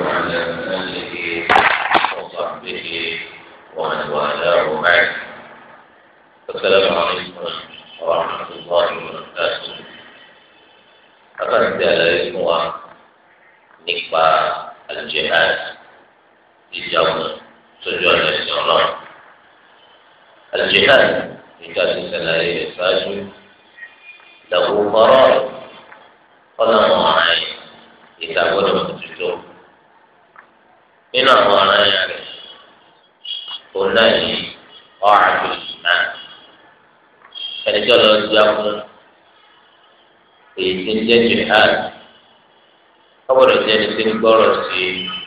وعلى آله وصحبه ومن والاه بعد السلام عليكم ورحمة الله وبركاته akan ada semua nikpa al-jihad di jauh tujuan dari Allah. Al-jihad jika diselai saju lahu qarar kalau mau kita boleh mencucuk nínú àwọn ọ̀ràn yẹn rẹ̀ òun náà ní ọ̀ràn tó yìí náà ẹni tí ọ̀rọ̀ ti àkún èyí tí ń jẹ́ jihad ọgbọ́dọ̀ jẹ́ ẹni tí ń gbọ́rọ̀ sí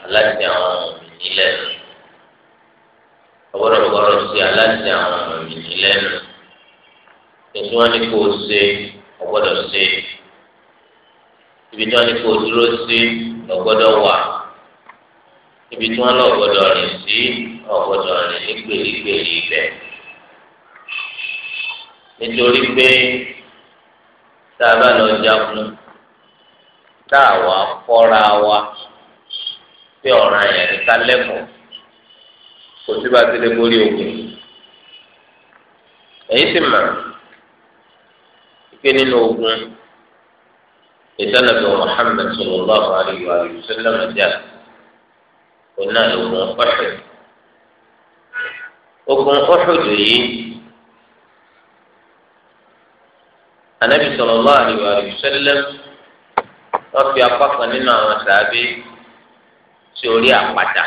aláṣẹ àwọn òmìnir lẹ́nu ọgbọ́dọ̀ gbọ́rọ̀ sí aláṣẹ àwọn òmìnir lẹ́nu ètò wọn ni kò ṣe ọgbọ́dọ̀ ṣe ibi tí wọn ni kò dúró sí ọgbọ́dọ̀ wà ibi tí wọn lọ gbọ́dọ̀ rìn sí ọgbọ́dọ̀ rìn ní gbèrígbèrí ibẹ̀ nítorí pé tá a bá lọ jagun tá a wà kọ́ra wa pé ọ̀ràn yẹn ní ká lẹ́kọ̀ọ́ kò sí bá ti borí ogun èyí sì mà pé nínú ogun ìtànàbí Muhammad sallallahu alaihi wa sallam jẹ́ àti òun náà ló gun ọ̀ṣẹ̀ ogun ọ̀ṣọ̀dù yìí anabi sallallahu alaihi wa sallam wọ́n fi apá kan nínú àwọn sàábé sí orí àpáta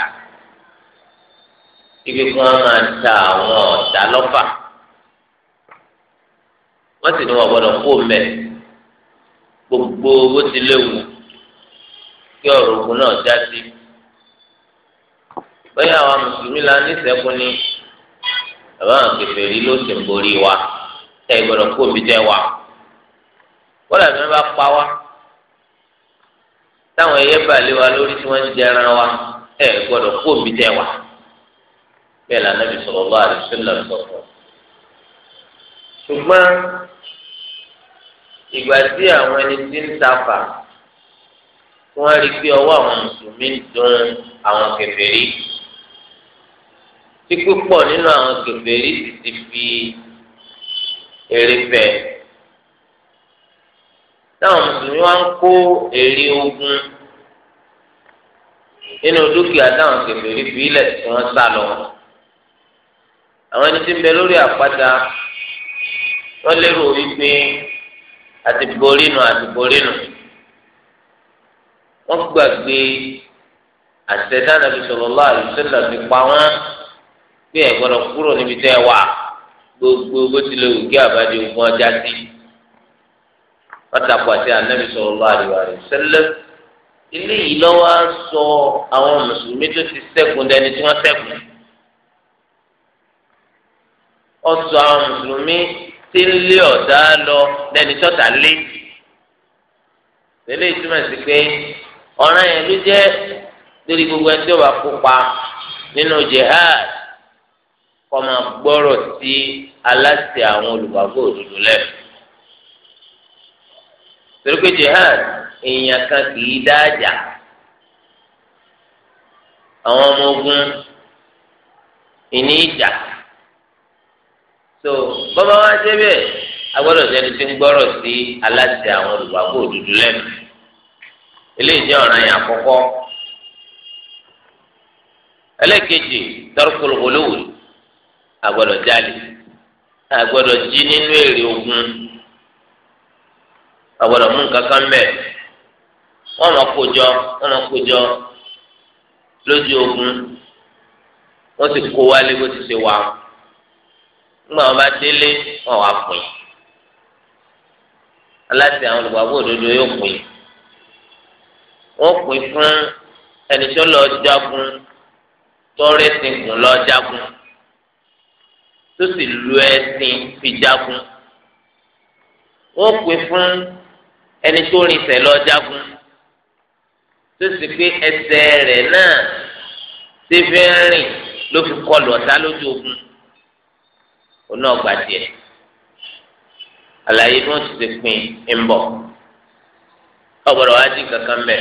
ibi kí wọ́n máa ta àwọn ọ̀dà lọ́fà wọ́n sì ní wọ́n gbọ́dọ̀ kó mẹ́ gbogbo owó ti léwu kí ọ̀rọ̀ ogun náà já sí bẹ́ẹ̀ àwọn mùsùlùmí la ní sẹ́kùn ni bàbá àwọn kèfèrí ló sì ń borí wa tẹ́ ìgbọ́dọ̀ kó omi jẹ́ wa wọ́n làbí wọn bá pa wa táwọn ẹyẹ balẹ̀ wa lórí tí wọ́n ń jẹran wa ẹ̀ gbọ́dọ̀ kó omi jẹ́ wa bẹ́ẹ̀ la Nabi sallallahu alaihi wasallam sọ̀rọ̀ ṣùgbọ́n ìgbà tí àwọn ẹni tí ń tafa wọ́n rí pé ọwọ́ àwọn mùsùlùmí ń dun àwọn kèfèrí tí púpọ̀ nínú àwọn kèfèrí sì ti fi èrè fẹ̀. táwọn mùsùlùmí wá ń kó èrè ogun nínú dúkìá táwọn kèfèrí fi ilẹ̀ tí wọ́n sá lọ. àwọn ẹni tí ń bẹ lórí àpáta wọ́n lérò wípé àti borí wọ́n gbàgbé àtẹ̀dá nàbì sallallahu alaihi wasallam fi pa wọ́n. pé ẹ gbọ́dọ̀ kúrò níbi wà gbogbo bó tilẹ̀ wù kí àbájọ ogun ọjà sí pátákó àti anabi sallallahu alaihi wasallam ilé yìí lọ́wọ́ sọ àwọn mùsùlùmí tó ti ṣẹ́gun dẹni tí wọ́n ṣẹ́gun ó àwọn mùsùlùmí tí ń lé ọ̀dá lọ dẹni tọ́ta lé tẹ́lẹ̀ ìtumọ̀ sí pé ọ̀ràn yẹn ló jẹ́ gbogbo ẹni tó bá kópa nínú jihad. kọ́ máa gbọ́rọ̀ sí aláṣẹ àwọn olùgbàgbọ́ òdodo lẹ́nu. torí pé jihad èèyàn kan kì í dáàjà àwọn ọmọ ogun ìní ìjà so bọ́bá wá débẹ̀ agbọ́dọ̀ sẹ́ni tí ń gbọ́rọ̀ sí aláṣẹ àwọn olùgbàgbọ́ òdodo lẹ́nu eléyìí jẹ́ ọ̀ràn yẹn àkọ́kọ́ ẹlẹ́kejì tarkul ghuluw agbọ́dọ̀ jalè agbọ́dọ̀ jí nínú èrè ogun agbọ́dọ̀ mú nǹkan kan mẹ wọn máa kójọ wọn máa kójọ lójú ogun wọn sì kó wálé bó ti ṣe wà nígbà wọn bá délé wọn wà pín aláṣẹ àwọn olùgbàgbọ́ òdodo yóò pín wọn pín fún ẹni tó lọ jagun tọrẹ sìnkùn lọ jagun tó sì lu ẹṣin fi jagun wọn pè fún ẹni tó rìn lọ jagun tó sì pé ẹsẹ̀ rẹ̀ náà ṣe fi ń rìn ló fi kọlù ọ̀tá lójú ogun òun náà gbà díẹ̀ àlàyé bí wọn ti pin ń bọ ọgbọdọ wa di kankan mẹ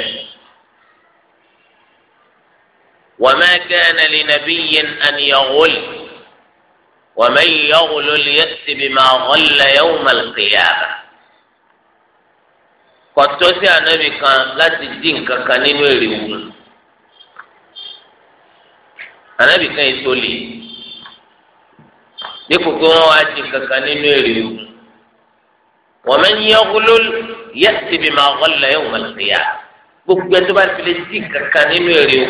wa ma kana li nabiyyin an yaghul. ومن يغلل يأت بما غل يوم القيامة kọtọsí anabi kan láti dín nǹkan kan nínú èrè wù anabi kan ètò lè dípò pé wọn wá dín nǹkan kan nínú èrè wọn mẹ ní ọgọlọ bí ma ọgọlọ yẹ wọn gbogbo ẹ bá tilẹ̀ dín nǹkan nínú èrè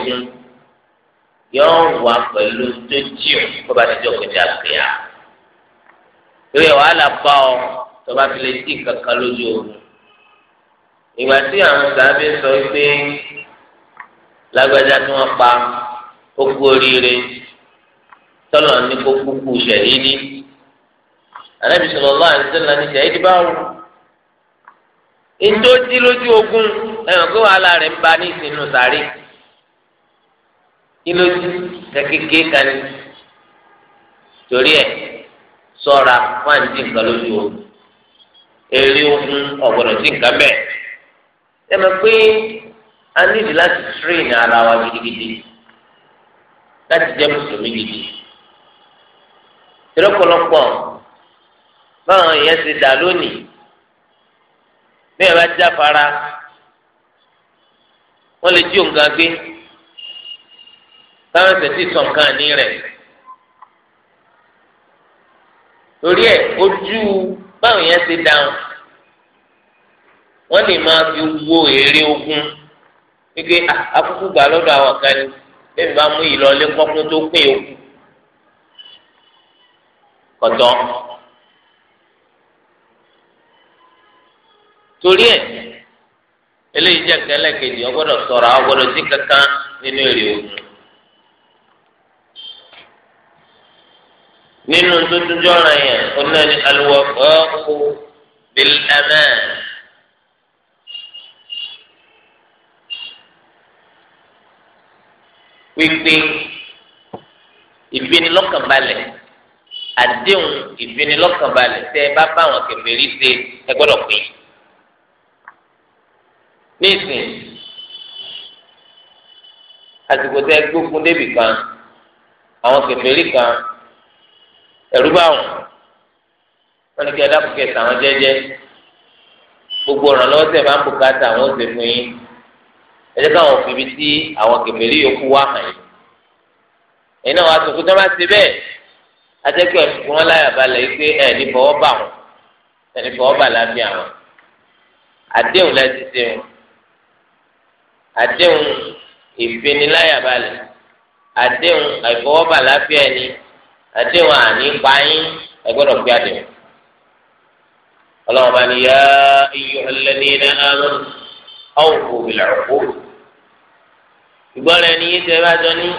yóò wà pẹ̀lú tó jìm kó bá ti jọ kọjá kéa ìwé wàhálà bá ọ tó bá fi lè dì kankan lójú omi ìgbà tí àwọn sàbẹ sọ pé lágbájá tí wọn pa ó kú oríire tọlọ ní kó kúkú ṣẹyìdì ànábì sọlọ lọ àti sọlọ ní ṣẹyìdì báwo ètò dí lójú ogun ẹ̀wọ̀n pé wàhálà rẹ̀ ń ba ní ìsinú sàárè kí ló dé kékeré kan ní torí ẹ ṣọ́ra fáǹdì nǹkan lójú o èrè ogun ọ̀gbọ̀dọ̀ sí nǹkan bẹ́ẹ̀ ẹ mọ̀ pé a nílò láti tírèèni ara wa gidigidi láti jẹ́ mùsùlùmí gidi tìrọ́pọ̀lọpọ̀ báwọn èèyàn ti dà lónìí bí ẹ bá jáfara wọ́n lè jí òǹkà gbé táwọn tẹ̀sí sọ nǹkan àní rẹ̀ torí ẹ̀ ojú báwọn yẹn ti dáhùn wọ́n lè máa fi wo èrè ogun wípé akúkú gbà lọ́dọ̀ àwọn kan ní bẹ́ẹ̀ bá mú ìlọlé kọ́kún tó pín ogun kọ̀tọ́ torí ẹ̀ eléyìí jẹ́ kẹlẹ́ kejì ọgbọ́dọ̀ sọ̀rọ̀ àwọn gbọ́dọ̀ sí kankan nínú èrè ogun. nínú tó tún jọra yẹn ọ̀nà ni alwafa'u bil aman. pípé ìfinilọ́kànbalẹ̀ àdéhùn ìfinilọ́kànbalẹ̀ tẹ́ ẹ bá bá àwọn kèfèrí ṣe ẹ gbọ́dọ̀ pé. nísìn àsìkò tẹ́ gbógun débì kan àwọn kèfèrí kan ẹ̀rú bá wọn wọn ni kí ẹ̀dá kò kẹsàn án jẹ́jẹ́ gbogbo ọ̀ràn lọ́wọ́ tẹ̀ bá ń bùkátà àwọn ó ṣe fún yín ẹ̀jẹ̀ káwọn fi ibi tí àwọn kẹfẹ́rí yòókù wá hàn yín ẹ̀yin náà wàá sọ fún tọ́ba ṣe bẹ́ẹ̀ atẹ́kọ̀ọ́ ẹ̀fọ́ wọn láyà balẹ̀ yìí pé ẹ̀ ní fọwọ́ bà wọn ẹ̀ ní fọwọ́ bà lábẹ́ àwọn àdéhùn láti ṣe wọn àdéhùn ìfiniláyà balẹ̀ àdéhùn àìfọwọ́bà lábẹ́ ẹni àdéhùn àní pààyàn ẹgbọ́dọ̀ fi àdéhùn. ọlọ́run bá ní yá iyọ̀ ẹlẹ́ni ẹ̀rọ ọ̀hún òbílẹ̀ ọ̀hún. ìgbọ́ràn ẹni yìí tẹ́ bá jọ ní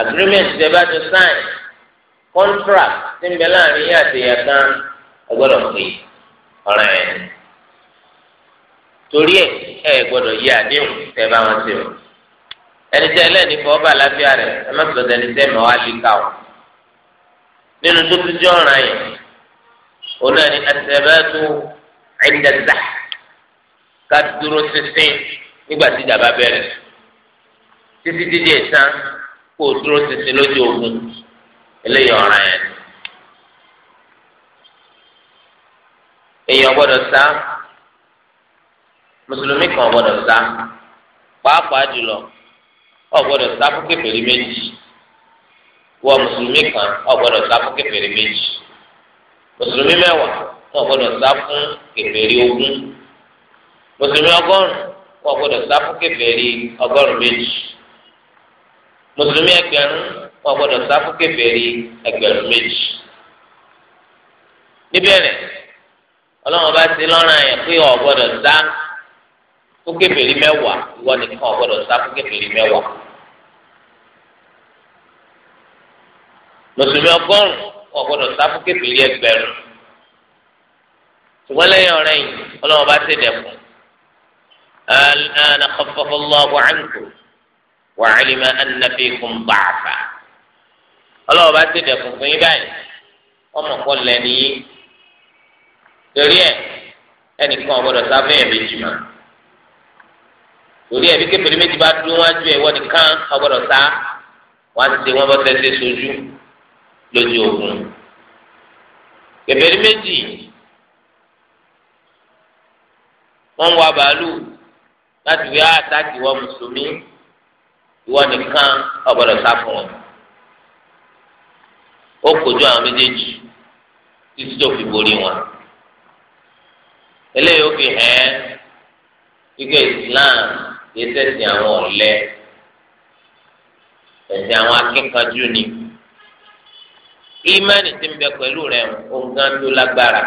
agreement tẹ́ bá jọ sign contract tí ń bẹ láàrin yín àti ìyá kan ẹgbọ́dọ̀ pé ọ̀ràn ẹ̀ torí ẹ̀ ẹ̀ gbọ́dọ̀ yí àdéhùn tẹ́ bá wọn ṣe o ẹni tẹ́ ẹlẹ́ni fọ́ bá àlàáfíà rẹ̀ ẹ má sọ̀tẹ̀ ẹni tẹ́ mọ́ wá lè ká o nínú tó tún jẹ́ ọ̀ràn yẹn òun náà ni àtẹ̀bẹ́tù ẹ̀ńdẹ̀dà ká dúró sísìn nígbà tí ìjàmbá bẹ̀rẹ̀ títí dídí ìsán kó dúró sísìn lójú ogun eléyìí ọ̀ràn yẹn. èèyàn gbọ́dọ̀ sá mùsùlùmí kan gbọ́dọ̀ sá pàápàá jùlọ ọ̀ gbọ́dọ̀ sá fún kékeré méjì. wọ mùsùlùmí kan ọgbọdọ sá fún kèfèrí méjì mùsùlùmí mẹ́wàá ọgbọdọ sá fún kèfèrí ogún mùsùlùmí ọgọ́rùn ọgbọ́dọ̀ sá fún kèfèrí ọgọ́rùn méjì mùsùlùmí ẹgbẹ̀rún ọgbọ́dọ̀ sá fún kèfèrí ẹgbẹ̀rún méjì níbẹ̀rẹ̀ ọlọ́run bá ti mùsùlùmí ọgọ́rùn wọn gbọ́dọ̀ sáfù kékeré ẹgbẹ̀rún ṣùgbọ́n lẹ́yìn ọ̀rẹ́ yìí ọlọ́wọ́n bá ṣe dẹ̀kun alana khaffafa Allahu ankum wa alima anna fikum da'fa ọlọ́wọ́n bá ṣe dẹ̀kun fún yín báyìí ọmọ kan lẹ́ni yín torí ẹ ẹnìkan ọgbọ́dọ̀ sáfù yẹn méjì máa torí ẹbí kékeré méjì bá dúró wájú ẹ wọ́n nìkan ọgbọ́dọ̀ sá wọ́n ti ṣe wọ́n bọ́ tẹ́sí sojú lójú ogun kèfèrí méjì wọ́n wá bàálù láti wí àtàkì ah, wọn mùsùlùmí ìwọ nìkan ọgbọ́dọ̀ sá fún wọn ó kojú àwọn méjèèjì títí tó fi borí wọn eléyìí ó fi hẹ́ gbígbé Islam yìí tẹ̀sí àwọn ọ̀lẹ tẹ̀sí àwọn akínkanjú ni. ìmánì tí ń bẹ pẹ̀lú rẹ̀ òǹkan tó lágbára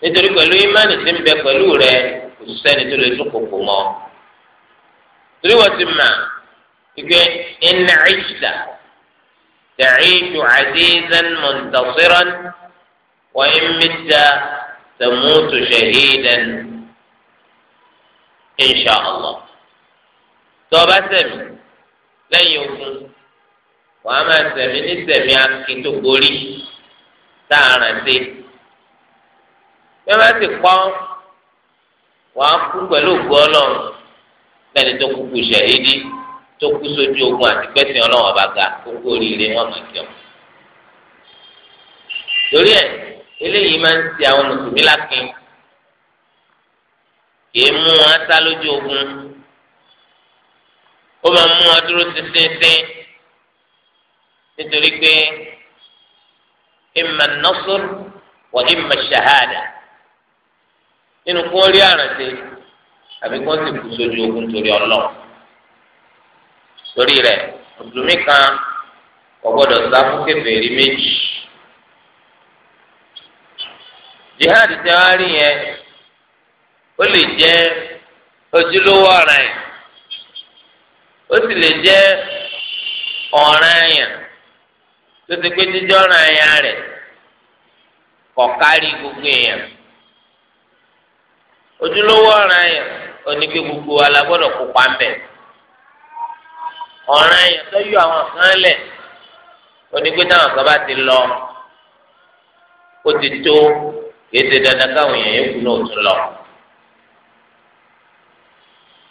nítorí pẹ̀lú ìmánì tí ń bẹ pẹ̀lú rẹ̀ kò sẹ́ni tó lè dún kòkò mọ́ torí wọ́n ti mà ike iná ìṣìlá tẹ̀síṣù àdéhìzán mọ̀ntàṣírán wọ́n ń mìta tẹ̀mútù ṣẹ̀hídán inṣàlá tọ́ba sẹ́mi lẹ́yìn ogun. wàá máa sẹ̀mí ní sẹ̀mí akin tó gborí tá a rántí bí wọ́n bá sì pọ́ wàá kú pẹ̀lú òkú ọlọ́run lẹ́ni tó kú kú ṣẹ̀yídí tó kú sójú ogun àti pẹ́sìn ọlọ́run ọba ga gbogbo oríire wọn máa jẹun. torí ẹ̀ eléyìí máa ń ti àwọn mùsùlùmí lákin kìí mú wọn sá lójú ogun ó máa mú wọn dúró sísínsín nítorí pé ìmọ̀ nọ́sùn wọ ìmọ̀ ṣahada nínú kó rí àrànṣe àbí kó sì kú sójú ogun torí ọlọ́run torí rẹ̀ mùsùlùmí kan kò gbọ́dọ̀ sá fún kèfèrí méjì jihad tẹ wá rí yẹn ó lè jẹ́ ojúlówó ọ̀ràn yẹn ó sì lè jẹ́ ọ̀ràn yẹn tó ti pé jíjọ́ ràn ẹ̀yà rẹ̀ kọ̀ kárí gbogbo èèyàn ojúlówó ọ̀ràn ẹ̀yàn oníke gbogbo alágbọ́dọ̀ kópa ń bẹ̀ ọ̀ràn ẹ̀yàn tó yọ àwọn kan lẹ̀ oníke táwọn kan bá ti lọ ó ti tó kì í ṣe dandan káwọn èèyàn yókù náà tún lọ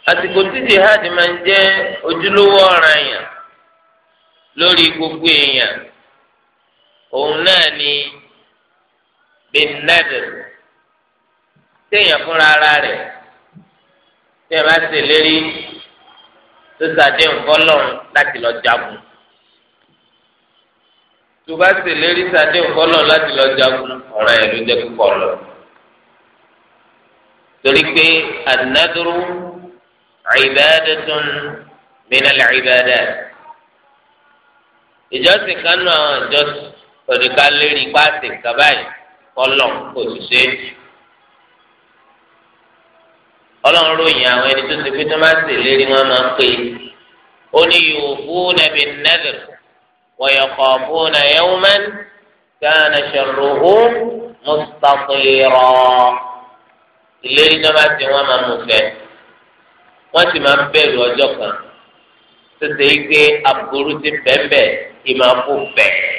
àsìkò tí jihad máa ń jẹ́ ojúlówó ọ̀ràn èèyàn lórí gbogbo èèyàn òun náà ni bínnẹ́dẹ̀ téèyàn fúnra ara rẹ̀ téèyàn bá ṣèlérí tó ṣàdéhùn fọlọ́run láti lọ jagun tó bá ṣèlérí ṣàdéhùn fọlọ́run láti lọ jagun ọ̀ràn ẹ̀ ló jẹ́ kíkọ́ lọ torí pé anadúró ìbádẹ́tún mìíràn ìbádẹ́ ìjọsìn kan náà ìjọsìn tọ́jú ká lérí pàṣẹ kábàáyì kọ́lọ̀ kò sì ṣe é. ọlọ́run ròyìn àwọn ẹni tó ti fi tó máa ń ṣèlérí wọn máa ń pè é. ó ní yòókù nàbí nẹ́dẹ̀rù wọ̀yọ̀kọ̀ fún ẹ̀yẹ́wùmẹ́n gánà ṣẹ̀rùhù mùsàkìrọ̀. ìlérí tó máa ti wọn máa mú fẹ́. wọ́n sì máa ń bẹ̀rù ọjọ́ kan tó gbé aburú ti bẹ́ẹ̀ bẹ́ẹ̀ ìmáa kú bẹ́ẹ̀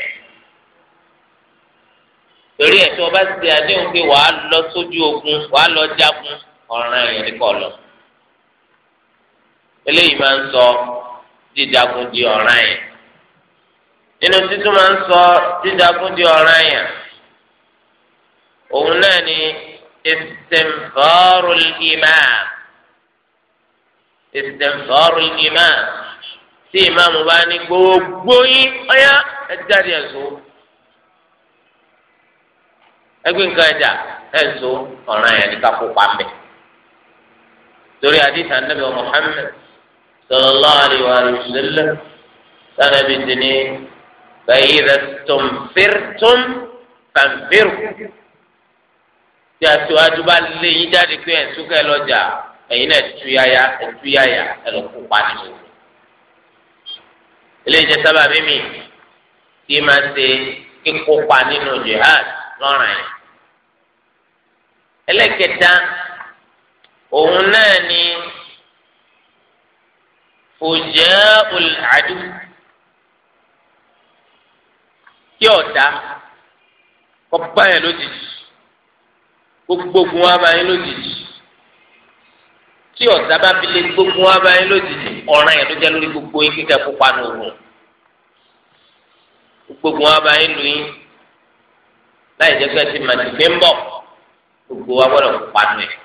torí ẹ̀ tí wọ́n bá ti àdéhùn pé wàá lọ sójú ogun wàá lọ jagun ọ̀ràn yẹn ní kọ́ lọ. eléyìí máa ń sọ dídagun di ọ̀ràn yẹn. nínú títún máa ń sọ dídagun di ọ̀ràn yẹn. òun náà ni istinfarul imam istinfarul imam tí ìmáàmù bá ní gbogbo yín ọ̀yá ẹ jáde ẹ̀ sọ́wọ́ ẹgbẹ́ nǹkan ẹja ẹ̀ ń so ọ̀ràn yẹn ní kakó pàmẹ́. torí àdìsí anábì Muhammad sallallahu alaihi wa sallam sanabi ti ní bàyìí rẹ tó ń fèrè tó ń fàǹfèrè tí aṣíwájú bá lé yín jáde pé ẹ̀sùn kẹ́ lọ́jà ẹ̀yin náà tuyaya ẹ̀tuyaya ẹ̀rọ kópa nínú. eléyìí jẹ́ sábà mímì kí máa ṣe kíkópa nínú jihad lọ́ràn yìí ẹlẹ́kẹta òun náà ni òjẹ́ olùhàdù kí ọ̀dà kọ́pá yẹn lójijì gbogbo ogun wa bá yín lójijì tí ọ̀dà bá fi lé gbogbo wa bá yín lójijì ọ̀ràn yẹn ló jẹ́ lórí gbogbo yín kíkẹ́ pupa ní gbogbo wa bá yín lu láì jẹ́ pé ẹ ti màtí gbé ń bọ̀. gbogbo wa gbọ́dọ̀ kópa nù ẹ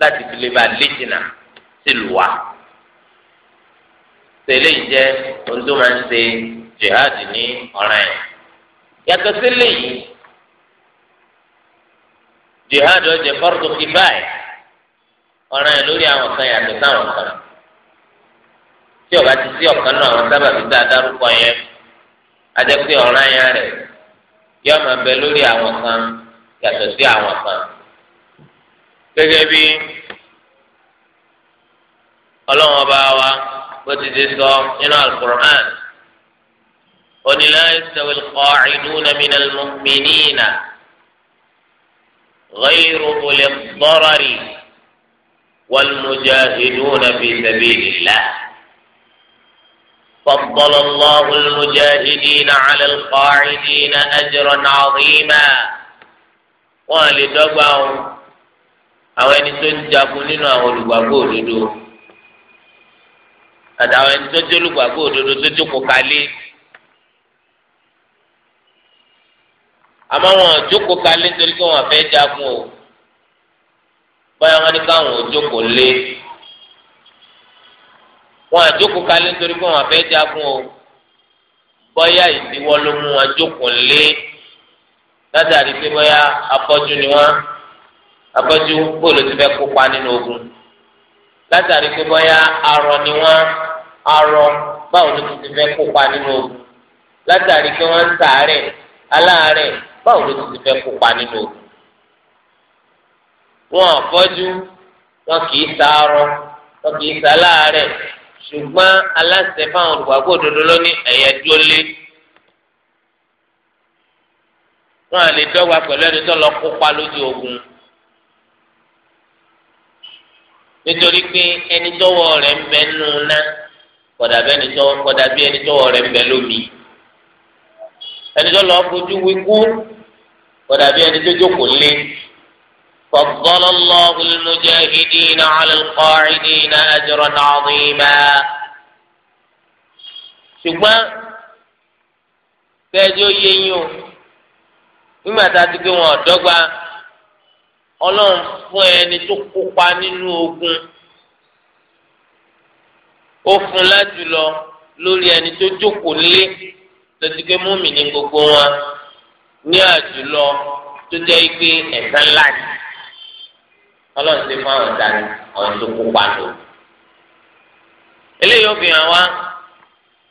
láti fi lè ba léjìnà sílùú wa tẹ́lẹ̀ jẹ ohun tó máa ń ṣe jihad ní ọ̀ràn ẹ yàtọ̀ jihad ọjẹ fọrọdọ kìbáyì ọ̀ràn ẹ lórí àwọn kan yàtọ̀ sáwọn kan tí ọba ti sí ọ̀kan náà àwọn sábàbí tá a dárúkọ yẹn adẹ́pẹ́ ọ̀ràn yẹn rẹ̀ yọ máa yàtọ̀ sí àwọn kan gẹ́gẹ́ bí ọlọ́wọ́n bá wa bó ti ti sọ nínú alukur'an onílẹ̀ ìsèwé qa'iduna minal mu'minina ghayru ulil darari wal mujahiduna fi sabilillah. فضل الله المجاهدين على القاعدين أجرا عظيما wọn à lè dọ́gba o àwọn ẹni tó ń jagun nínú àwọn olùgbàgbọ́ òdodo àtàwọn ẹni tó jẹ́ olùgbàgbọ́ òdodo tó jókòó kalẹ̀ àmọ́ wọn jókòó kalẹ̀ nítorí pé wọn fẹ́ jagun o báyà wọn ní káwọn ò jókòó lé wọn àjókòó kalẹ̀ nítorí pé wọn fẹ́ jagun o bóyá ìdíwọ́ ló mú wọn jókòó lé látàrí pé bóyá afọ́jú ni wọ́n afọ́jú bóòlù ti fẹ́ kópa nínú ogun látàrí pé bóyá arọ ni wọ́n arọ báwo ló ti fẹ́ kópa nínú ogun látàrí pé wọ́n ń ṣàárẹ̀ aláàárẹ̀ báwo ló ti fẹ́ kópa nínú ogun wọn afọ́jú wọn kì í ṣàárọ̀ wọn kì í ṣàláàárẹ̀ ṣùgbọ́n aláṣẹ fáwọn olùgbàgbọ́ òdodo lónìí ẹ̀yẹ dúró lé wọn à lè dọ́gba pẹ̀lú ẹni tó lọ kópa lójú ogun nítorí pé ẹni tọ́wọ́ rẹ̀ ń bẹ nù ná kódà bí ẹni tọ́wọ́ kódà bí ẹni tọ́wọ́ rẹ̀ ń bẹ lómi ẹni tó lọ fojú wíkú kódà bí ẹni tó jókòó lé فضل الله المجاهدين على القاعدين أجرا عظيما ṣùgbọ́n kẹjọ yẹn yìí o nígbà tá a ti gbé wọn ọ̀dọ́gba ọlọ́run fún ẹni tó kópa nínú ogun ó fún lájùlọ lórí ẹni tó jókòó nílé lọ́tí pé múmi ní gbogbo wọn ní àjùlọ tó jẹ́ pé ẹ̀san ńlá ni ọlọ́run ti fún àwọn ìdáni àwọn tó kópa lò. eléyìí ó fi hàn wá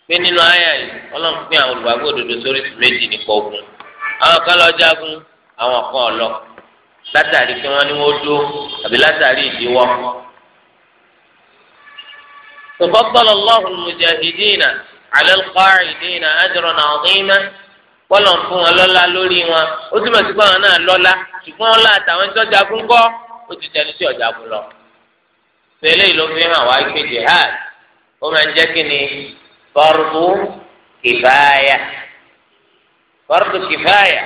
pé nínú àyà yìí ọlọ́run pín àwọn olùwàgbọ́ òdodo sórí méjì nípa ogun. àwọn kan lọ jagun àwọn kan lọ látàrí kí wọ́n ní wọ́n dúró àbí látàrí ìdíwọ́. الله المجاهدين على القاعدين عظيما wọn lọ́lá lórí wọn ó túmọ̀ sí pé àwọn náà lọ́lá ṣùgbọ́n ọlá àtàwọn tó jagun kọ́ ó fardu kìfáyà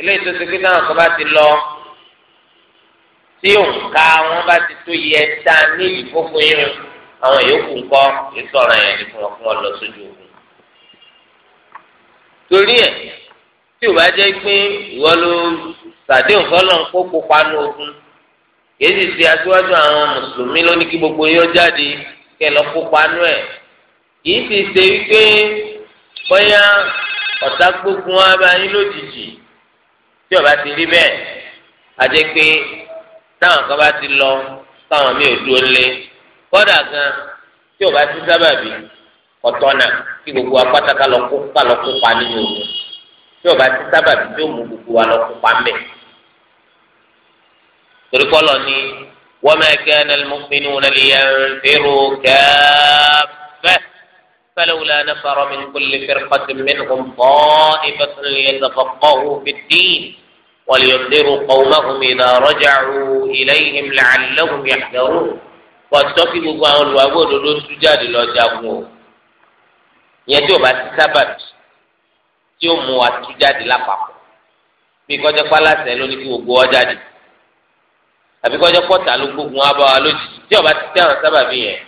eléyìí tó ti gbé náà kọ́ bá ti lọ tí òǹkà wọn bá ti tó yẹ tá a ní ìfófó yín àwọn yòókù ńkọ ìsọ̀rọ̀ yẹn ni fún wọn fún wọn lọ sójú ogun. torí ẹ tí ò bá jẹ́ pé ìwọ ló sàdéhùn fọlọ́ ń kó kópa ní ogun kìí sì ṣe aṣíwájú àwọn mùsùlùmí lónìí kí gbogbo yóò jáde kẹ lọ kópa nú ẹ kìí sì ṣe wípé bóyá ọ̀tá gbógun wa bá yín lójijì tí ọba ti rí bẹ́ẹ̀ àti pé táwọn kan bá ti lọ táwọn mi ò dúró lé kọ́dà gan tí ọba ti sábàbí ọ̀tọ̀ náà kí gbogbo apáta ká lọ kópa nínú ogun tí ọba ti sábàbí tí ó mú gbogbo wa lọ kópa mẹ́. torí kọ́lọ̀ ni wọ́n máa kẹ́ ẹ́ ní mọ́pínú náà lè kẹ́ẹ́ fẹ́. فلولا نفر من كل فرقة منهم طائفة ليتفقهوا في الدين ولينذروا قومهم إذا رجعوا إليهم لعلهم يحذرون واتقي gbogbo àwọn olùwàgbọ́ òdodo tún jáde lọ jagun o ìyẹn tí o bá ti sábàbí tí o mú wa tún jáde lápapọ̀ bí kọjá pálásẹ̀ ló ní kí gbogbo wa jáde àbí kọjá pọ̀tà ló gbógun wa bá wa lójijì tí o bá ti tẹ̀wọ̀n sábàbí yẹn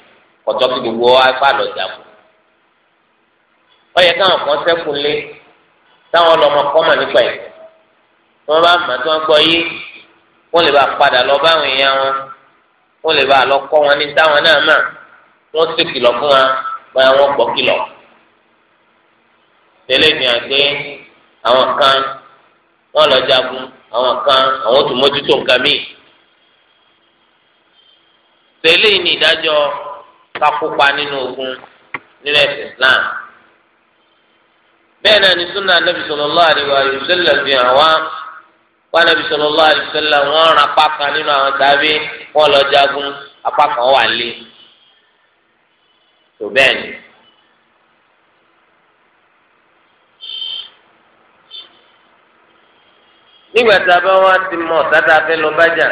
kọ̀tọ́ kí gbogbo wa fà lọ jagun ó yẹ káwọn kan sẹ́kùn lé táwọn lọ́mọ kọ́mà nípa ẹ̀ wọ́n bá mà tí wọ́n gbọ́ yí wọ́n lè bá padà lọ báwọn èèyàn wọn wọ́n lè bá lọ kọ́ wọn ní táwọn náà mà wọ́n sì kìlọ̀ fún wa báyà wọ́n gbọ́ kìlọ̀ tẹ́lẹ̀ ní àgbẹ̀ àwọn kan wọ́n lọ jagun àwọn kan àwọn tó mójútó nǹkan míì tẹ́lẹ̀ ní ìdájọ́ kakópa nínú ogun nílẹ̀ Islam bẹ́ẹ̀ náà ni sunna anabi sallallahu alaihi wa sallam fi hàn wá wá anabi sallallahu alaihi wa sallam wọ́n ràn apá kan nínú àwọn sábẹ́ wọ́n lọ jagun apá kan wà lé tó bẹ́ẹ̀ ni. nígbà tá a bá wá ti mọ sátá fẹ́ lọ bájà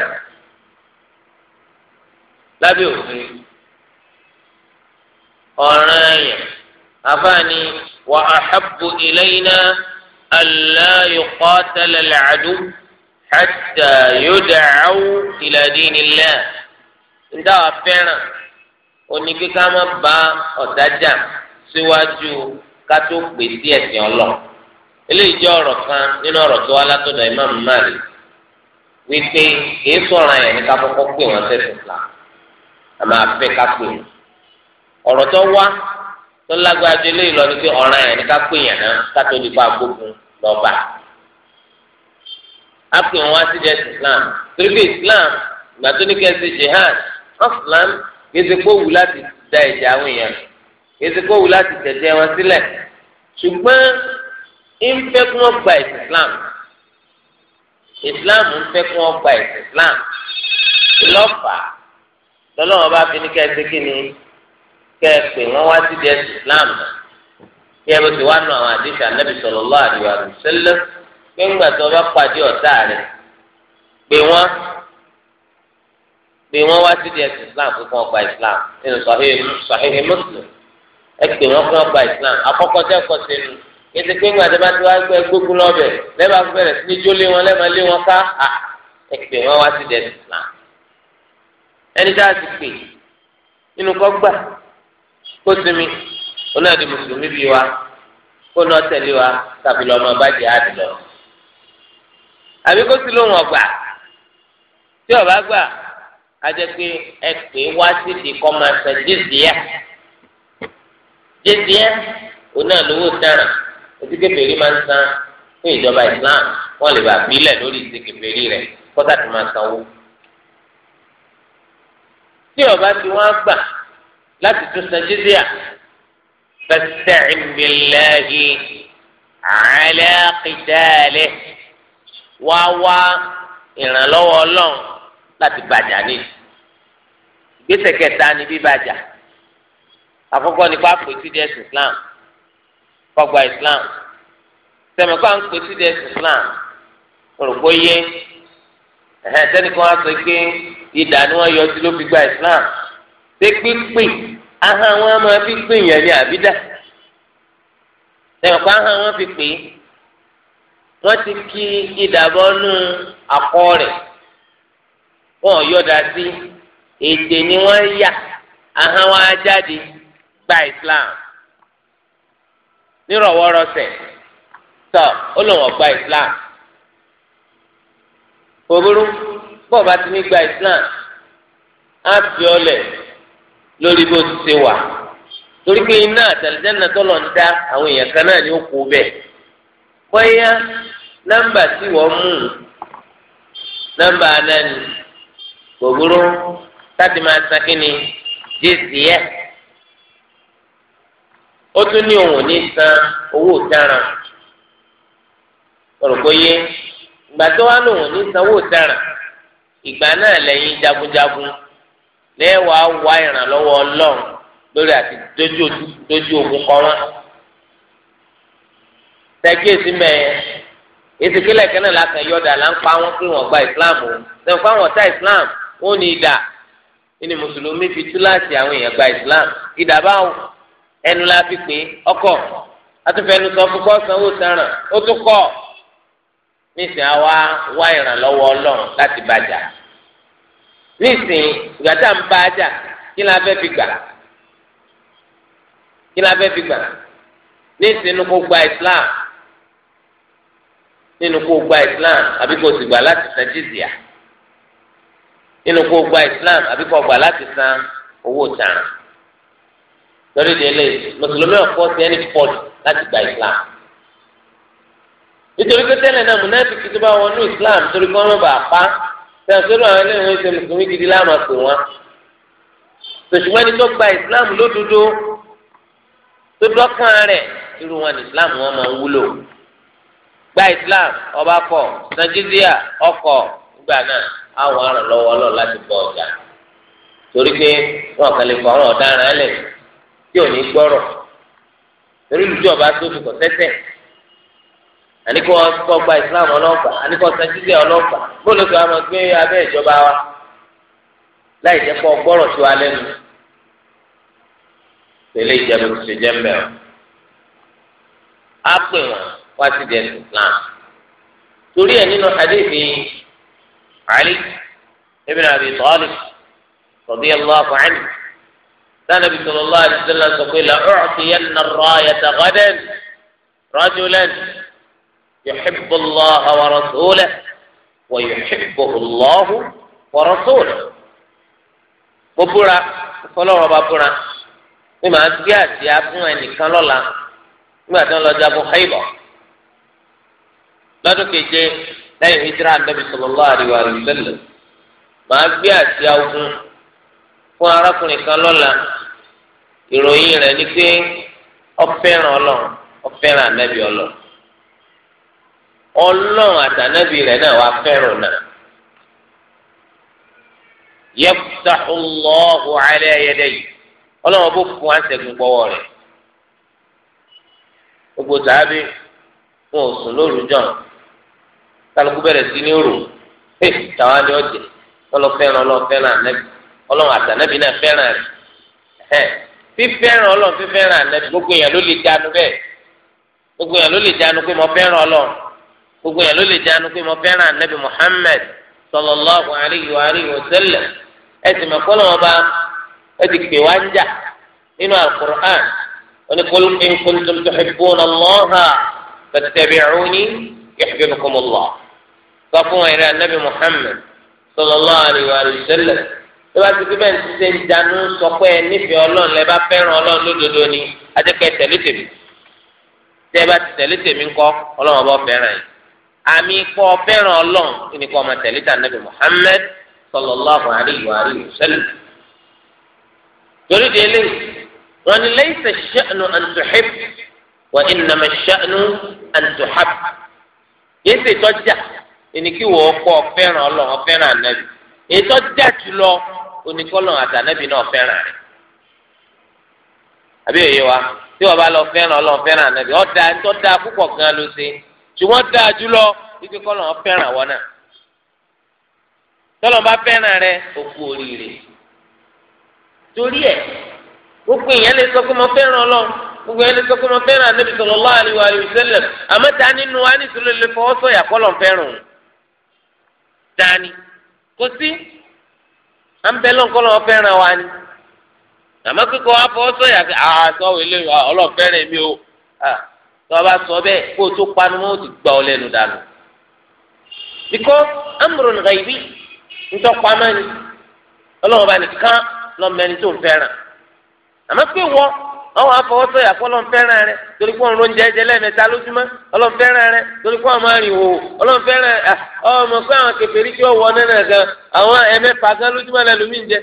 lábẹ́ òfin ọ̀ràn ẹ̀yàn àfáàní. وأحب إلينا ألا يقاتل العدو حتى يدعوا إلى دين الله ندعوا فعلا oníkí ká má ba ọ̀tá jà síwájú ká tó pè sí ẹ̀sìn ọlọ́run eléyìí jẹ́ ọ̀rọ̀ kan nínú ọ̀rọ̀ tó wá látọ̀dọ̀ Imam Malik wípé kìí sọ̀rọ̀ yẹn ní ká kọ́kọ́ pè wọ́n sẹ́sìn Islam àmọ́ afẹ́ ká pè wọ́n ọ̀rọ̀ tó wá tó lágbára ju eléyìí lọ ni pé ọ̀ràn yẹn ni ká pè yàn náà kátó ní pa gbógun lọ́ba. a pè wọn wá sí jẹ́ islam torí pé islam ìgbà tó ní kẹ́sì jihad islam gbèsè kó wù láti da ẹ̀jẹ̀ àwọn èèyàn gbèsè kó wù láti tẹ̀jẹ̀ wọn sílẹ̀ ṣùgbọ́n ń fẹ́ kí wọ́n gba islam islam ń fẹ́ kí wọ́n gba islam ìlọ́fà lọ́lọ́wọ́n bá fi ní kẹ́sì kí ni. kẹ́ẹ̀pẹ̀ wọ́n wá sí díẹ̀ islam kí ẹ bó ti wá nù àwọn àdìsí anábì sallallahu alaihi wasallam pé ńgbà tó bá pàdé ọ̀tá rẹ̀ pé wọ́n pé wọ́n wá sí díẹ̀ islam pé kí wọ́n gba islam nínú Sahih Muslim ẹ pé wọ́n kí wọ́n gba islam àkọ́kọ́ tẹ́ kọ́ sínú ètò pé ńgbà tó bá ti wá gbẹ gbógun lọ́bẹ̀ lẹ́bàá bẹ̀rẹ̀ sí ní jólé wọn lẹ́bàá lé wọn ká ẹ pé wọ́n wá sí islam ẹni tá a ti pè nínú gbà kó sinmi onáàdì mùsùlùmí bí wa kó náà tẹ̀lé wa tàbí lọ́mọ bá jẹ́ àdìlọ́ àbí kó sí lóhùn ọgbà tí ọba gbà ajẹ́ pé ẹ pè wá síbi kọ́ máa san jésìá jésìá onáàlówó dára etí kébèrè máa ń san fún ìjọba Islam wọn lè bá bílẹ̀ lórí ìṣe kébèrè rẹ̀ kọ́tà tó máa sanwó tí ọba ti wá gbà láti tún san jizya fasta'in billahi ala qitalihi wá wá ìrànlọ́wọ́ ọlọ́run láti bàjá ní ìgbésẹ̀ kẹta ni bíbàjá àkọ́kọ́ nípa pèsè díẹ̀ sí Islam kọgbà Islam sẹ̀mẹ̀kọ́ à ń pèsè díẹ̀ sí Islam òrùkó yé ẹ̀hẹ́n sẹ́nìkan á sọ pé ìdá ni wọ́n ló fi gba Islam ṣé pínpín ahọ́n wọn máa fi pín yẹn ní àbídá ẹ̀yọ̀kọ́ ahọ́n wọn fi pè é wọ́n ti kí ìdàbọ̀nú akọ rẹ̀ wọ́n yọ̀dà sí èdè ni wọ́n yà ahọ́n wọn á jáde gba Islam nírọ̀wọ́rọ̀sẹ̀ tọ́ ó lò wọ́n gba Islam òbúrú bọ́ọ̀ bá ti ní gba Islam á fi ọ lẹ̀. lórí bó ti ṣe wà torí pé iná àtàlìjáná tọ́lọ̀ ń dá àwọn èèyàn kan náà ní ó kó bẹ́ẹ̀ bóyá nọ́mbà tí wọ́n mú nọ́mbà anani gbogbo láti máa san kíni jésìẹ́ ó tún ní òun ò ní san owó ìtaràn jagunjagun. lẹ́wàá wá ìrànlọ́wọ́ ọlọ́run lórí àti dojú ogun kọ́ wọn. tẹ́gíyèsí mẹ́yẹn ìsìnkílẹ̀ kẹ́nà látàn yọ̀dà là ń pa wọn pé wọ́n gba islam o ṣe ń pa wọn ta islam ó ní ìdà ìní mùsùlùmí fi túláàsì àwọn èèyàn gba islam ìdà báwo ẹnu la fi pé ọkọ atúfẹ́nu sọ fún kọ́ sanwó sẹ́ràn ó tún kọ́ nísìnyàwó wá ìrànlọ́wọ́ ọlọ́run láti bàjá nísìnyí ìgbà tá à ń bá a jà kí la fẹ́ fi gbà kí la fẹ́ fi gbà nísìnyí nínú kó gba Islam nínú kó gba Islam àbí kó sì gbà láti san jizya nínú kó gba Islam àbí kó gbà láti san owó tàn lórí délé mùsùlùmí ọ̀pọ̀ sí ẹni pọ̀jù láti gba Islam nítorí pé tẹ́lẹ̀ náà múnáfíkì tó bá wọnú Islam torí kí wọ́n tẹ̀síọ́rọ̀ àwọn ilé ìwé ṣe mùsùlùmí gidi láàmà pè wọ́n tòṣùwọ́n ẹni tó gba islam lódodo tó dọ́kàn rẹ̀ irú wọn ní islam wọn máa ń wúlò gba islam ọba kọ nàìjíríà ọkọ gbà náà àwọn arànlọ́wọ́ lọ láti bọ ọjà torí pé wọn kàn lè ọ̀daràn ẹlẹ̀ tí ò ní gbọ́rọ̀ torí àníkọ́ ọgbà islam ọlọ́gbà àníkọ́ sẹ́ńtítì ọlọ́gbà bóòlù tó a máa gbé abẹ́ ìjọba wa láì jẹ́ pọ̀ gbọ́rọ̀ tó a lẹ́nu tẹ̀lé ìjẹun tó ṣe jẹ́ mbẹ́ o á pè wọ́n wá sí di ẹ̀sìn islam torí ẹ̀ nínú hadithi ali ibn abi talib radiyallahu anhu sanabi sallallahu alaihi wasallam sọ pé la u'tiyanna ar-rayata ghadan rajulan. يحب الله ورسوله ويحبه الله ورسوله gbogbola fọlọ́wọ́ bá bóra ní màá gbé àsíá fún ẹnìkan lọ́la nígbà tí wọ́n lọ jagun Khaybar lọ́dún keje lẹ́yìn hijira Nabi sallallahu alaihi wa sallam màá gbé àsíá ogun fún arákùnrin kan lọ́la ìròyìn rẹ̀ ni pé fẹ́ràn Ọlọ́run fẹ́ràn Ọlọ́run. ọlọ́run àtànábì rẹ̀ náà wà fẹ́ràn náà. alẹ́ ayẹyẹ yìí ọlọ́run fún wa gbọ́wọ́ rẹ̀. gbogbo sàábì wọn ò sùn kálukú bẹ̀rẹ̀ sí ní tàwa ni ọ̀jẹ̀ ọlọ́fẹ́ràn ọlọ́fẹ́ràn ọlọ́run àtànábì náà fẹ́ràn rẹ̀ ẹ̀ fífẹ́ràn ọlọ́run fífẹ́ràn ànábì gbogbo èèyàn ló lè jánu bẹ́ẹ̀ gbogbo gbogbo yẹn ló lè jánu pé mo fẹ́ràn anabi muhammed sallallahu alayhi wa alayhi wa sallam ẹ sì mọ̀ kọ́ lọ́wọ́ bá ẹ ti pè wá ń jà nínú alukur'an wọn ni kul in kuntum tuhibbuna allaha fattabi'uni yuhibbukum allah sọ fún wa yẹrẹ anabi muhammed sallallahu alayhi wa alayhi wa sallam tó bá ti fi bẹ́ẹ̀ ṣe ń jánu sọ ẹ nífẹ̀ẹ́ ọlọ́run lẹ bá fẹ́ràn ọlọ́run lódodo ni àmì kọ fẹ́ràn ọlọ́run ní kọ́ ọmọ tẹ̀lé tà nàbì Muhammad sallallahu alayhi wa alihi wa sallam. torí délé wọn ni shanu wa innama ash-sha'nu an tuhab. ní kí wọ́n kọ́ fẹ́ràn ọlọ́run fẹ́ràn ànábì ìtọ́jà jùlọ oníkọ́lọ́ àtànábì náà fẹ́ràn rẹ̀. àbí òye wa tí wọ́n bá lọ fẹ́ràn ọlọ́run fẹ́ràn ànábì gan ṣùgbọ́n dáa jùlọ wípé kọ́lọ̀ wọn fẹ́ràn wọn náà tọ́lọ̀ bá fẹ́ràn rẹ òkú oríire torí ẹ̀ gbogbo èèyàn lè sọ pé mo fẹ́ràn ọlọ́run gbogbo èèyàn lè sọ pé mo fẹ́ràn anábì sallallahu alaihi wa sallam àmọ́ ta nínú wa ní ìṣòro lè fọwọ́ sọ̀yà kọ́lọ̀ fẹ́ràn òun dání kò sí à ń bẹ lọ́nkọ́lọ́ fẹ́ràn wa ni àmọ́ kíkọ́ wa fọwọ́ sọ̀yà àtọ́wé lè wà ọlọ́fẹ́ràn mi o. Ah tọba sọ bẹ́ẹ̀ kó o tó panu o ti gbà ọ lẹ́nu dànù because amúrò nìkan ibi ntọpamọ ni Ọlọ́run bá nìkan lọmọbìnrin tó ń fẹ́ràn àmọ́ pé wọ àwọn afọwọ́sọ̀yà fún Ọlọ́run fẹ́ràn rẹ torí pé òun jẹjẹ lẹ́ẹ̀mẹ́ta lójúmọ́ Ọlọ́run fẹ́ràn rẹ torí pé ọmọ rìn wò Ọlọ́run fẹ́ràn ọmọ pé àwọn kèfèrí tí ó wọ nínú gan àwọn ẹ̀mẹ́fà gan lójúmọ́ lẹ́lòmíín jẹ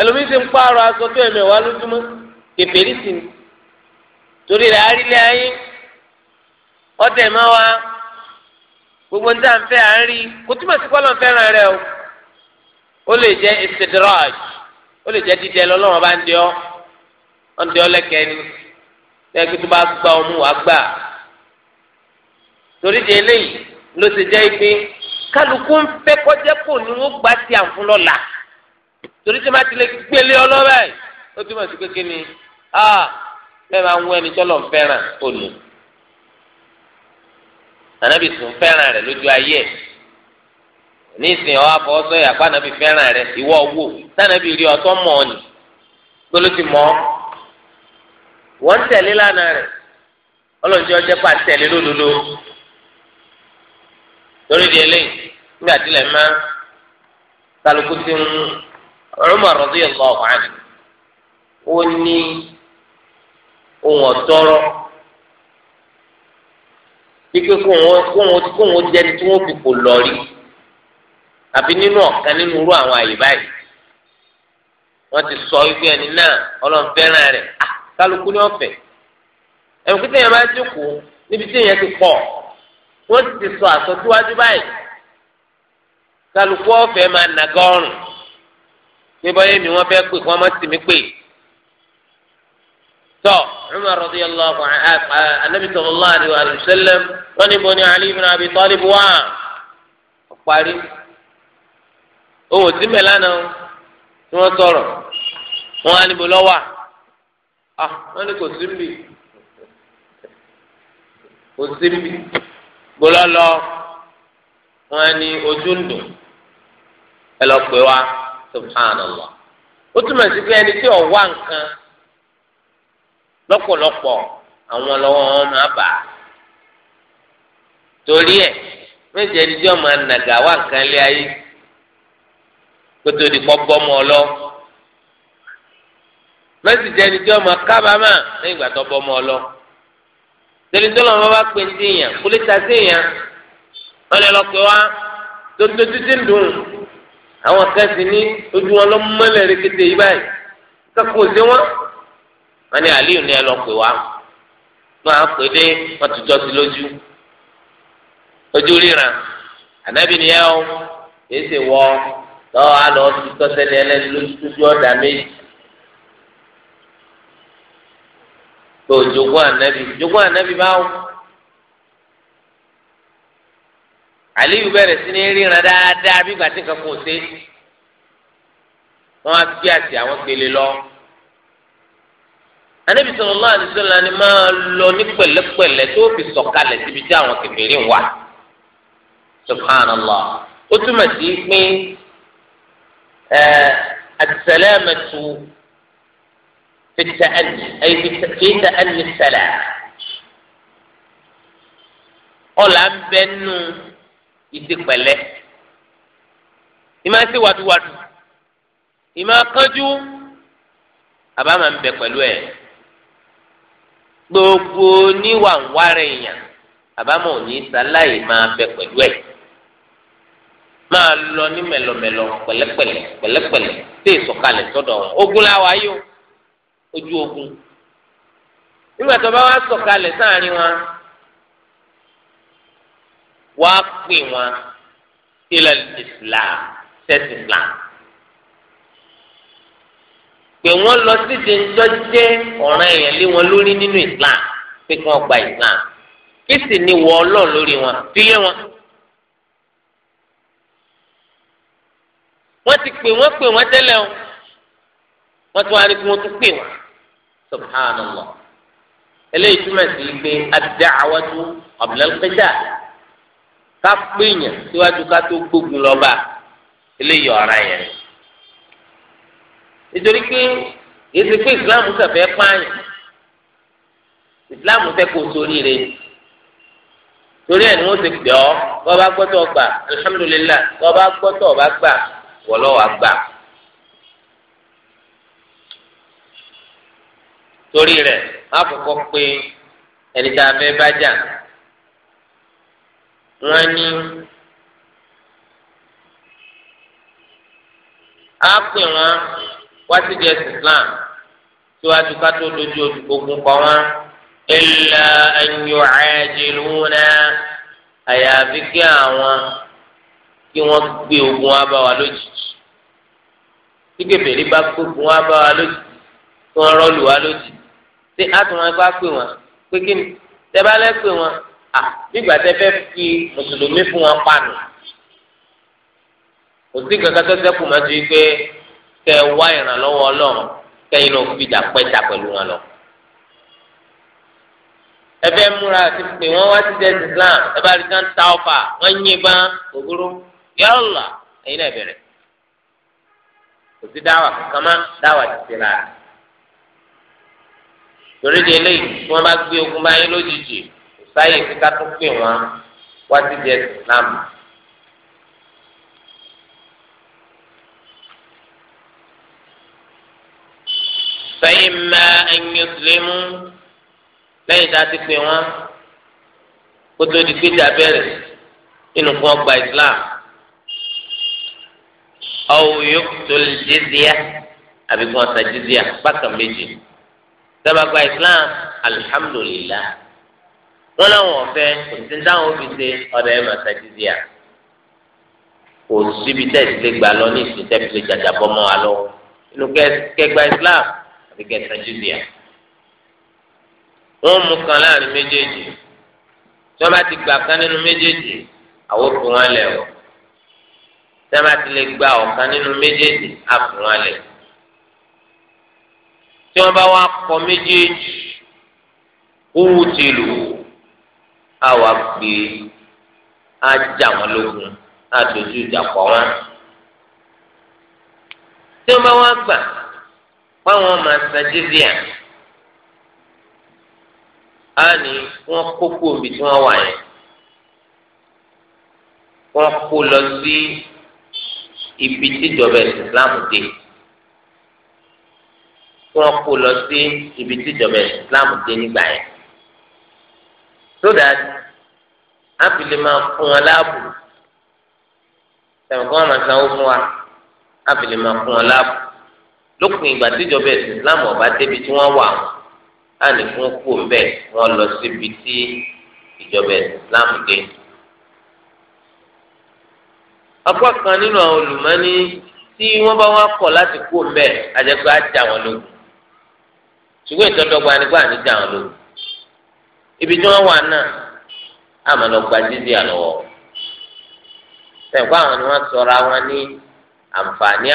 ẹlòmíín ti ń pààrọ̀ aṣọ tó ẹ̀mẹ́wàá lójúmọ́ kèfèrí sì ni torí rẹ̀ arílẹ̀ ayé ọdẹ mọ́ wa gbogbo ní sàǹfẹ́ à ń rí kò túmọ̀ sí kọ́lọ̀ fẹ́ràn rẹ o ó lè jẹ́ istidraj ó lè jẹ́ dídẹ lọ́lọ́wọ́n bá ń dẹ ọ́ ń dẹ ọ́ lẹ́kẹ̀ẹ́ ni lẹ́gbẹ́ tó bá gba ọmú wa gbà torí di eléyìí ló ti jẹ́ pé kálukú ń fẹ́ kọjá kò ní wọ́n gbà tí à lọ́la torí tí wọ́n ti lè gbélé ọlọ́wẹ́ ó túmọ̀ sí pé ni ah bẹ́ẹ̀ máa ń wọ ẹni tọ́lọ̀ fẹ́ràn olù ànábì tún fẹ́ràn rẹ̀ lójú ayé ẹ̀ ní ìsìn ọ abọ́ sọ́yà pa ànábì fẹ́ràn rẹ̀ ìwọ wò tànábì rí ọtọ́ mọ̀ ọ́ nì gbóló ti mọ̀ ọ́ wọ́n tẹ̀lé lánàá rẹ̀ ọlọ́njẹ́ ọjẹ́ pa tẹ̀lé lódodo di eléyìí nígbà tí lè má kálukú ti ń ohun ọ̀tọ́rọ́ ike kóhun ó jẹ́ni tí wọ́n fi kò lọ́ọ̀rì àbí nínú ọ̀kan nínú irú àwọn àyè báyìí wọ́n ti sọ ibi ẹni náà ọlọ́run fẹ́ràn rẹ̀ ah, kálukú ní ọ̀fẹ́ ẹ̀rù kí tẹ̀yẹ̀ bá jókòó níbi tí èèyàn ti pọ̀ wọ́n sì ti sọ àsọtúwájú báyìí kálukú ọ̀fẹ́ máa nàgọ́rùn-ún pé báyẹn mi wọ́n fẹ́ pè kí wọ́n má sì mí pè tọ Umar radiyallahu anhu anabi sallallahu alayhi wa sallam wọn ni bọni ali ibn abi talib wá parí ohun tí mẹlánà tí wọn sọ̀rọ̀ wọn á níbo lọ wà ah wọn ní kò sí mbì kò sí gbọlọ lọ wọn á ní ojú ń dùn ẹ lọ pè wá subhanallah ó túmọ̀ sí pé ẹni tí ọ̀ wá nǹkan lọ́pọ̀lọpọ̀ àwọn lọ́wọ́ wọn máa bà á torí ẹ̀ méje ni tí wọn máa nàgà wá nǹkan lé ayé kótó ni kọ́ bọ́mọ ọlọ́ mẹ́sì jẹ́ ni tí wọn máa kábàámà lẹ́yìn ìgbà tó bọ́mọ ọlọ́ tẹ̀lé tó lọ́wọ́ bá pè sí èèyàn kó lè ta sí èèyàn wọn lè lọ pé wá tó títí ń dùn àwọn kan ní ojú wọn lọ mọ́lẹ̀ rẹ̀ kété yìí báyìí kókò sí wọn wọn ní aliyu ní ẹ lọ pè wá wọn à ń pè dé wọn ti jọ́sí lójú ojú ríran ànábì ni ẹ o kìí ṣe wọ lọ́wọ́ àlọ́ ti tọ́sẹ́ ní ẹlẹ́ni lójú ọ̀dà méjì tó jogún ànábì jogún ànábì báwo aliyu bẹ̀rẹ̀ sí ní ríran dáadáa bí gbàtí kankan ò ṣe wọn á gbé àti àwọn gbélé lọ anabi sallallahu alaihi wasallam ni máa lọ ní pẹ̀lẹ́pẹ̀lẹ́ tó fi sọ̀kalẹ̀ síbi tí àwọn kèfèrí ń wà subhanallah ó túmọ̀ sí pé as-salamatu fi ta'anni ay fi ta'anni as ọ̀là ń bẹ nù ìdípẹ̀lẹ́ ìmọ̀ ẹsẹ̀ wàdúwàdù ìmọ̀ akánjú àbá ń bẹ pẹ̀lú ẹ̀ gbogbo níwàǹwárẹ̀ èèyàn àbámọ̀ ò ní sáláì máa bẹ pẹ̀lú ẹ̀ máa lọ ní mẹlọmẹlọ pẹ̀lẹ́pẹ̀lẹ́ pẹ̀lẹ́pẹ̀lẹ́ tí ìsọ̀kalẹ̀ sọ́dọ̀ wọn ogun láwa yóò ojú ogun nígbà tó bá wá sọ̀kalẹ̀ sáàrin wọn wá pè wọn ilẹ̀ islam sẹ́sì pé wọ́n lọ síde ńjọ́ jẹ́ ọ̀ràn èèyàn lé wọn lórí nínú Islam pé kí wọ́n gba Islam kí sì ni wọ Ọlọ́run lórí wọn fílẹ̀ wọn. wọ́n ti pè wọ́n pè wọ́n tẹ́lẹ̀ o wọ́n tún wá rí kí wọ́n tún pè wọ́n subhanallah eléyìí túmọ̀ sí pé ad-da'watu qabla al-qital ká síwájú ká tó gbógun lọ́ba eléyìí ọ̀ràn yẹn nítorí pé èsì pé ìsìláàmù sàfẹ́ pààyàn ìsìláàmù fẹ́ kó sórí rẹ̀ torí ẹ̀ ni wọ́n ti pè ọ́ bọ́ bá gbọ́tọ̀ gbà alihamudulilayi bọ́ bá gbọ́tọ̀ bá gbà wọ́lọ́wà gbà. torí rẹ̀ wọ́n àkọ́kọ́ pé ẹni tá a fẹ́ bá jà ní á pè wọ́n wá sí di ẹsìn islam síwájú ká tó dojú ojú ogun kọ wọn ilà ẹnyọ àjẹlúnà àyàfi kí àwọn kí wọn gbé ogun wá bá wa lójijì tí kébèrè bá gbé ogun wá bá wa lójijì tí wọn rọlù wa lójijì tí àtúnwá bá pè wọn pé kí ni tẹ pè wọn à nígbà tẹ fẹ́ fi mùsùlùmí fún wọn pa nù òsì kankan tó ṣẹ́kù máa ju pé. kẹ wá ìrànlọ́wọ́ ọlọ́run kẹyìn náà fi ìjà pẹ́ta pẹ̀lú wọn lọ. ẹ ebe múra Islam rí ta ọfà wọ́n yìnbọn ògúrú yálà ẹ̀yin náà bẹ̀rẹ̀ kò sí dáwà kankan má dáwà ti ṣe di eléyìí tí wọn bá gbé ogun báyìí lójijì kò sáyè tó pè Islam. fẹ́yìn mẹ́ ẹ̀yìn lẹ́mú lẹ́yìn tá a ti pè wọ́n kótó di pé ìjà bẹ̀rẹ̀ nínú fún ọgbà Islam ọ̀wùyọ́ tó lè jizya àbí fún ọ̀sà jizya bákan méjì sábàgbà Islam alihamudulilah wọn làwọn ọ̀fẹ́ òtítí táwọn òbí ṣe ọ̀dọ̀ ẹ̀ máa ṣà jizya kò síbi tẹ̀sí gbà lọ ní ìsìn tẹ̀sí jàjà bọ́ mọ́ wa lọ inú kẹgbà Islam gẹ́gẹ́ tajúdìá wọ́n mú kan láàrin méjèèjì tí wọ́n bá ti gbà kan nínú méjèèjì àwọn òfin wọn lẹ̀ ọ́ tí wọ́n bá ti lè gba ọ̀kan nínú méjèèjì àfin wọn lẹ̀ tí wọ́n bá wá kọ méjèèjì owó ti lù àwa gbé ajá wọn lógun àdójú ìjà pọ̀ wọn tí wọ́n bá wá gbà páwọn máa san jizya á ní wọ́n kókó omi tí wọ́n wà yẹn wọ́n kó lọ sí ibi tíjọba Islam dé wọ́n kó lọ sí ibi tíjọba Islam dé nígbà yẹn so that á fi lè máa fún wọn láàbù tẹ̀wọ́n kọ́ ọ̀nà sanwó fún wa á fi lè máa fún wọn láàbù. lópin ìgbà tíjọba ẹ̀sìn islam ọba débi tí wọ́n wà á fún kú wọ́n lọ síbi tí ìjọba islam dé. apá kan nínú àwọn olùmọ́ni tí wọ́n bá wá kọ̀ láti kú mbẹ́ àjẹpẹ́ wọn ṣùgbọ́n nígbà wọn ibi tí wọ́n wà náà dídí àlọ́wọ́ ni wọ́n sọra wọn ní àǹfààní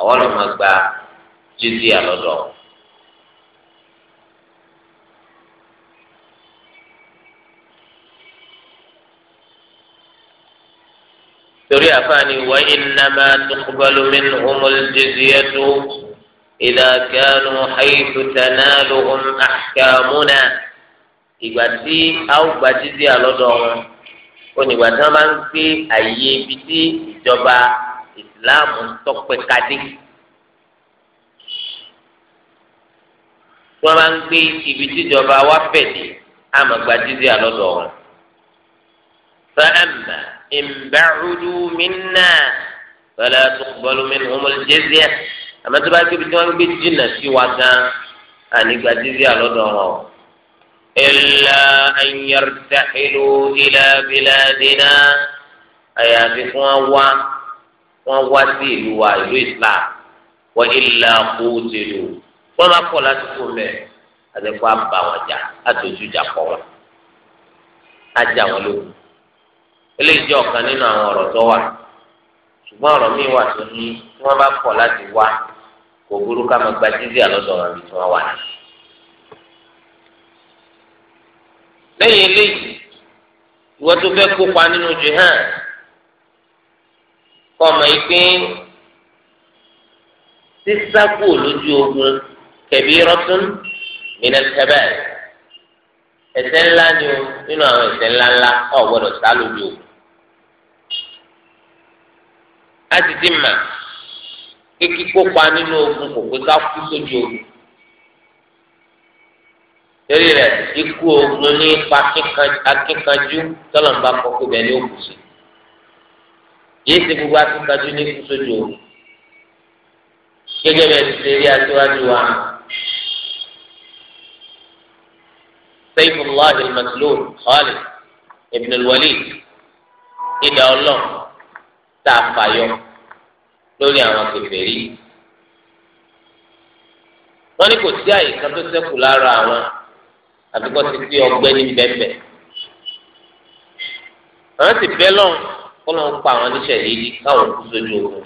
àwọn ọlọ́mọ gba jíjí àlọ́dọ̀. torí àfààní wa innama tuqbalu minhumul jizyatu idha kanu haythu tanaluhum ahkamuna ìgbà tí a ó gba jíjí àlọ́dọ̀ wọn onígbà tí wọ́n bá ń gbé àyè ibi tí ìjọba ìsìláàmù tọpẹ kadé wọn máa ń gbé ibi tíjọba wa pẹ̀lẹ́ àmọ́ gba jíjí àlọ́dọ̀ wọn. fẹ́ẹ́mà ìmbàrúdú mi náà fẹ́lẹ́ tó gbọ́dọ̀ mi nù mọ́lẹ́ jẹ́síẹ́ àmọ́ tó bá gbébi tí wọ́n gbé jìnnà sí wa gan àní gba jíjí wọn. ilà ayélujára ìlú ilà bìlà dínà àyàfi fún wọ́n wá sí ìlú wa ìlú islam wọ́n ilà kó tèlú wọ́n máa kọ̀ láti kó mẹ́ àtẹ̀kọ́ àbá wọn jà àtòjú jà pọ̀ wọn ajá wọn lókun eléyìí jẹ́ ọ̀kan nínú àwọn ọ̀rọ̀ tó wà ṣùgbọ́n ọ̀rọ̀ míì wà tó ní tí wọ́n bá kọ̀ láti wá kò burú ká máa gba jíjí àlọ́dọ̀ wọn bí tí wọ́n wà ní. lẹ́yìn eléyìí ìwọ́n tó fẹ́ kópa nínú jihad kọ́ ọmọ yìí pé sísákù lójú ogun kẹ̀bí rọ́tún mìíràn tẹ́bẹ̀ ẹ̀ṣẹ̀ ńlá ni o nínú àwọn ẹ̀ṣẹ̀ ńlá ńlá ọ̀ gbọ́dọ̀ sá lójú ogun. a ti ti mà kíkí kópa nínú ogun kò pé ká kú sójú ogun torí rẹ̀ ikú ogun ní ipa akínkanjú tọlọmọba kọkú bẹ́ẹ̀ ni ó kù sí yìí ti gbogbo akíkanjú ní kúsojú o gẹ́gẹ́ bẹ́ẹ̀ ti ṣe rí aṣíwájú wa Saifullah al-Maslul Khalid ibn al-Walid ìdá ọlọ́ọ̀ tá a fàyọ lórí àwọn kèfèrí wọ́n ní kò sí àyè kan tó ṣẹ́kù lára àwọn àfikọ́ ti pé ọgbẹ́ ní bẹ́ẹ̀ bẹ́ẹ̀ wọ́n ti bẹ́ lọ́hùn. kọlọ́n pa àwọn oníṣẹ́ dị káwọn kú sójú ogun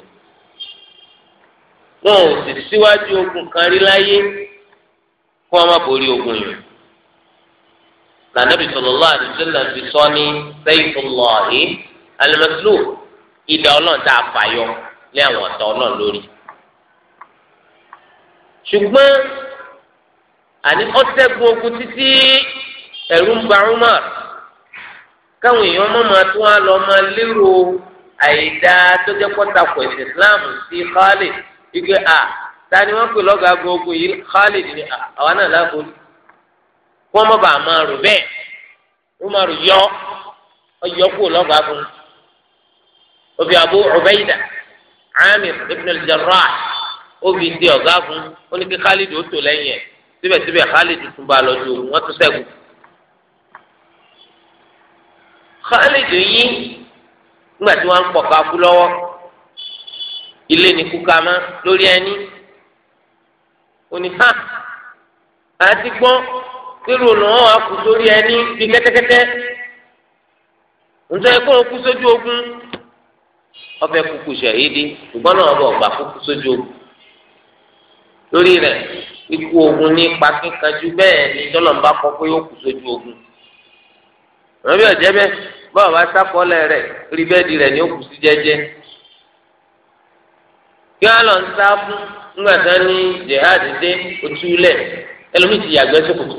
lóun sì síwájú ogun kan rí láyé kó wọn má borí ogun yìí nànàbì sallallahu alaihi wasallam ti sọ ní sayfullahi al ìdá Ọlọ́run tá lé àwọn ọ̀tá Ọlọ́run lórí ṣùgbọ́n àní ọtẹgùn ogun títí ń ba káwọn èèyàn má máa tún á lọ máa lérò àìdá tó jẹ́ pọ́tàkù ẹ̀sìn Islam sí Khalid ike a ta ni wọ́n pè lọ́gàá gbogbo yìí Khalid ni àwa náà lágbóni kí wọ́n má bàa máa rò bẹ́ẹ̀ wọ́n máa rò yọ ọyọ kúrò lọ́gàá fún un obì Abu Ubaida Amir ibn al-Jarrah obì ń di fún un Khalid ó tò lẹ́yìn ẹ̀ síbẹ̀síbẹ̀ Khalid tún bá a lọ tún sẹ́gun. Khalid yìí nígbà tí wọ́n ń pọ̀ káfú lọ́wọ́ ilé ní kúkà mọ́ lórí ẹni òní ha àti gbọ́n pẹ̀lú olùwọ́n wa kù sórí ẹni bíi kẹ́tẹ́kẹ́tẹ́ ǹjẹ́ kó o kú sójú ogun ọbẹ̀ kúkú ṣẹ̀yídì ṣùgbọ́n náà ọbẹ̀ ọ̀gbà kúkú sójú ogun lórí rẹ̀ ikú ogun ní pàkínkanjú bẹ́ẹ̀ ni tọ́lọ́mbà kọ pé ó kú sójú ogun wọn bí ọjẹ bẹ báwo bá sákọọlẹ rẹ rí bẹẹdì rẹ ní òkú sí jẹ́jẹ́ kí wọn lọ ń sá fún nígbà tí wọn ní jihad dé otúlẹ ẹlòmíì ti yàgbẹ́ sókòtò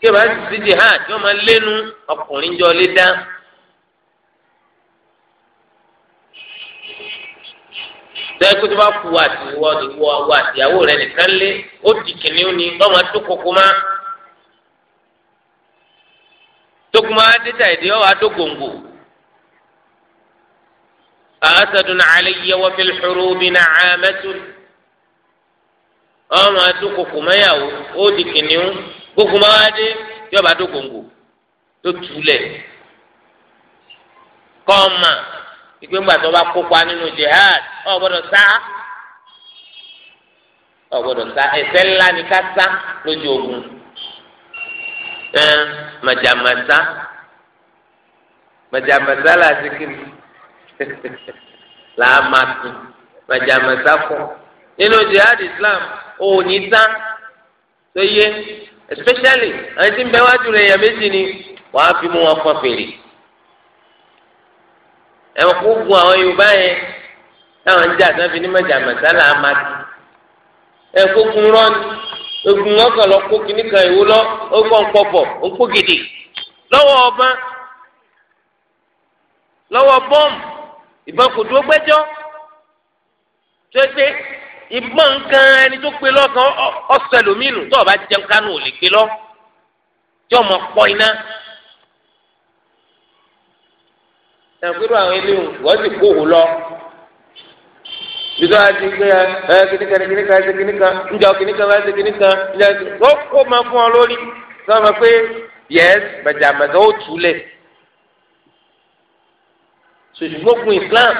kí wọn bá sí jihad yóò máa lẹ́nu ọkùnrin jọ lé dá. sẹ́yìn kó tó bá kú àti ìwọ àti ìyàwó rẹ nìkan lé ó di kìnìún ni wọ́n tó koko máa tókùmá adéta ìdí ọwọ adógòngò àásàdùn àlẹyé wọn fi lùrù bí nà àmẹtù ọmọ adókòkò mẹyàwó ó di kìnìún kókùmá adé yọba adógòngò tó túlẹ̀ kọ́ọ̀mà ìgbéǹgbà tó bá kópa nínú jihad ọ̀ gbọ́dọ̀ sá ọ̀ gbọ́dọ̀ sá ẹ̀ṣẹ̀ ńlá ni ká sá lójú ogun màjàmásá màjàmásá là ti kiri là á máa tún màjàmásá nínú jihad islam òní tán tó yé especially àwọn tí ń bẹ wájú rẹ yẹn méjì ni wàá fi mú wọn fọ fèrè ẹ̀wọ̀n kó gun àwọn yorùbá yẹn táwọn ń jà sáfi ní màjàmásá là á máa tún kó gun rọ́ọ̀nù egun ọkàn lọ kó kíní kan ìwó lọ ọgbọ́n pọ̀pọ̀ òkú gidi lọ́wọ́ ọba lọ́wọ́ bọ́ọ̀mù ìbọn kò dúró gbẹ́jọ́ tó ṣe ìbọn nǹkan ẹni tó pe lọ́kàn ọ̀sẹ̀ lómìnú tó o bá jẹun kánú ò lè gbé lọ tí ọmọ pọ̀ iná. ẹ̀fíru àwọn eléwọ̀n wọ́n sì kó òun lọ bidọ́ àti gbé ẹ kìnìkan kìnìkan ẹsẹ̀ kìnìkan njọ kìnìkan ẹsẹ̀ kìnìkan njọ ẹsẹ̀ ó kó máa fún ọ lórí sọ ma pé yẹs bàjàmẹ̀gà ó túlẹ̀ sòṣùgbógun Islam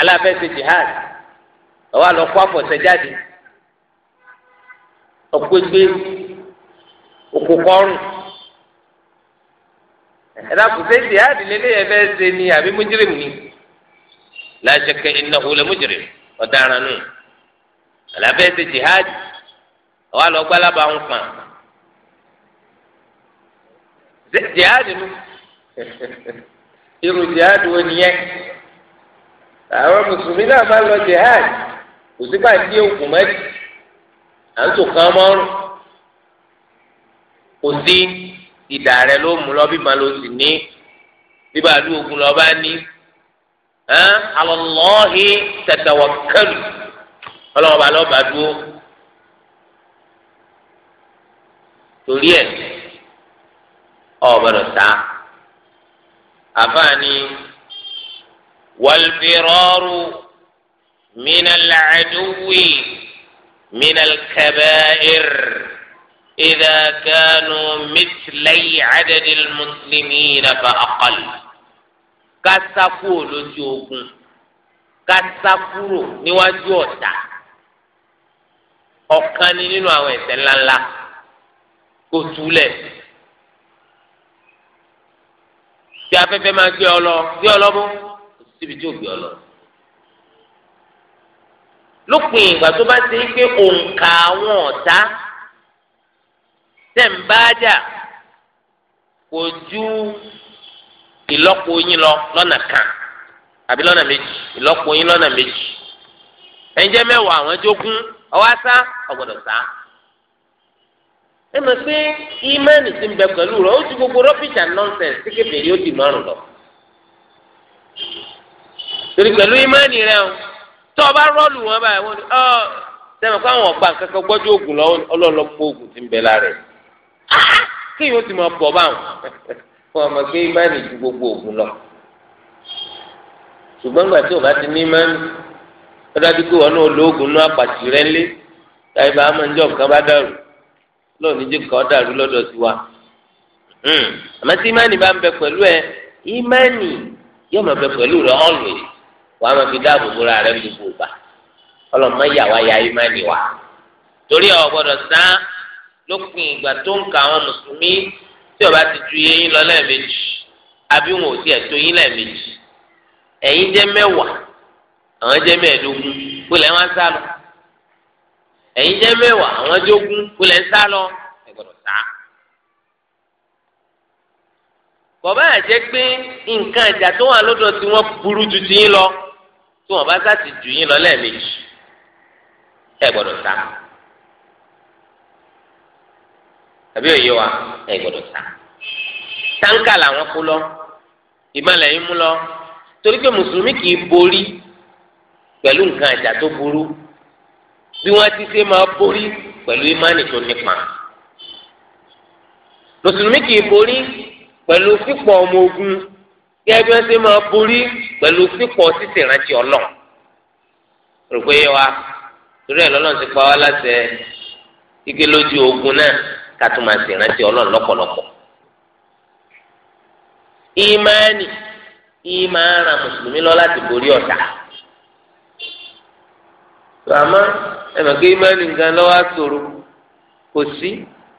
alábẹ́sẹ̀ jihad ọwọ́ àlọ́ kó àfọ̀sẹ̀ jáde ọ̀pẹ́gbẹ́ òkùnkọ́rùn ẹ̀dá kò sí jihad lélẹ́yẹ̀ fẹ́ ṣe ni àbí mújírìmù ni láṣẹ kẹ́ ẹ̀ ń náwó lẹ́mújírìmù ọ̀daràn nù àlàfẹ́ ṣe jihad ọ̀wá lọ gbálábà ń pa jihad nù irú jihad wo nìyẹn àwọn mùsùlùmí náà máa lọ jihad kò sí pàdé òkú mẹ́tì à ń tò kán mọ́rùn kò sí ìdà rẹ ló mú lọ bí màá lọ sí ní bí bàálù ogun lọ bá ní alọlọ́hì tẹ̀tẹ̀wọ̀kẹ́lù ọlọ́wọ́ bá lọ́ọ́ bá dúró torí ẹ̀ ọ̀bọ̀dọ̀ ta àfààní wàlbìrọ́rù mìnàlàdúwì mìnàlkàbáìr ìdàkànù mìtìlẹ́yì àdàdìl mùsùlùmí nàfà àkàlù kásákúrò lójú ogun kásákúrò níwájú ọ̀tá ọ̀kan ni nínú àwọn ẹ̀ṣẹ̀ ńláńlá kò túlẹ̀ tí afẹ́fẹ́ máa gbé ọ lọ gbé ọ lọ bó síbi tí ò gbé ọ lọ lópin ìgbà tó bá ti ń pé òǹkà àwọn ọ̀tá tẹ̀ ń bá jà kò ju ìlọ́po yín lọ lọ́nà kan àbí lọ́nà méjì ìlọ́po yín lọ́nà méjì ẹ̀ńjẹ́ mẹ́wàá àwọn ẹjọ́gún ọwọ́ asá ọ̀gbọ̀dọ̀ sá. ẹ mọ̀ pé ímánì ti ń bẹ pẹ̀lú rẹ̀ ó ju gbogbo rọ́bìjà nọ́ńsẹ̀nsì tí kébèrè ó di márùn lọ. torí pẹ̀lú ímánì rẹ̀ o tó o bá rọ́ọ̀lù wọn báyìí wọ́n ní ọ́ sẹ́mi kó àwọn ọ̀gbà kankan gbọ́jú oògùn lọ́wọ́ ọlọ́ọ̀lọ́pọ̀ oògùn ti ń bẹ lára rẹ̀. kí yóò ti mọ̀ pọ̀ báwọn kó ọmọ pé ìmánì ju gbogbo ògùn lọ ṣùgbọ́n gbà tí o bá ti ní ìmánì ó dájú wọn náà lo ògùn náà pàtì rẹ ńlé táyé bá máa ń jọ nǹkan bá dàrú lóòní jẹ́ kọ́ dàrú lọ́dọ̀ sí wa hmm. àmọ́ tí ìmánì bá ń bẹ pẹ̀lú ẹ ìmánì yóò máa bẹ pẹ̀lú rẹ always wàá máa fi dáàbò bóra rẹ gbogbo ìgbà ọlọ́mọ yà wá ya ìmánì wa torí ọ̀ sá lópin ìgbà tó ń ka àwọn mùsùlùmí tí ọba ti ju yẹyin lọ lẹ́ẹ̀mejì àbí wọn ò tiẹ̀ tó yín lẹ́ẹ̀mejì ẹ̀yin jẹ́ mẹ́wàá àwọn jẹ́ mẹ́ẹ̀ẹ́dógún kó lẹ́ wọ́n sá lọ ẹ̀yin jẹ́ mẹ́wàá àwọn jógún kó lẹ́ sá lọ ẹ gbọ́dọ̀ sá. bọ̀bá àjẹ́ pé nǹkan ìjà tó wà lọ́dọ̀ tí wọ́n burú ju ti yín lọ tí wọ́n bá sá ti ju yín lọ lẹ́ẹ̀mejì ẹ gbọ́dọ̀ sá. àbí òye wa ẹ gbọ́dọ̀ sá táǹkà làwọn kú lọ ìmọ̀lẹ̀ yín mú lọ torí pé mùsùlùmí kì í borí pẹ̀lú nǹkan àjà tó burú bí wọ́n ti ṣe máa borí pẹ̀lú ìmánì tó nípa mùsùlùmí kì í borí pẹ̀lú sípọ̀ ọmọ ogun gẹ́gẹ́ bí ṣe máa borí pẹ̀lú sípọ̀ títì ìrántí ọlọ́run rò pé wa torí ẹ̀ lọ́lọ́run ti pa wá láṣẹ ike lójú ogun náà. kátó máa sì rántí ọlọ́run lọ́pọ̀lọpọ̀. ìmáàní ìmáà mùsùlùmí lọ láti borí ọ̀tá. àmọ́ ẹ̀mọ̀ kí ìmáàní nǹkan lọ́wọ́ àtòrò kò sí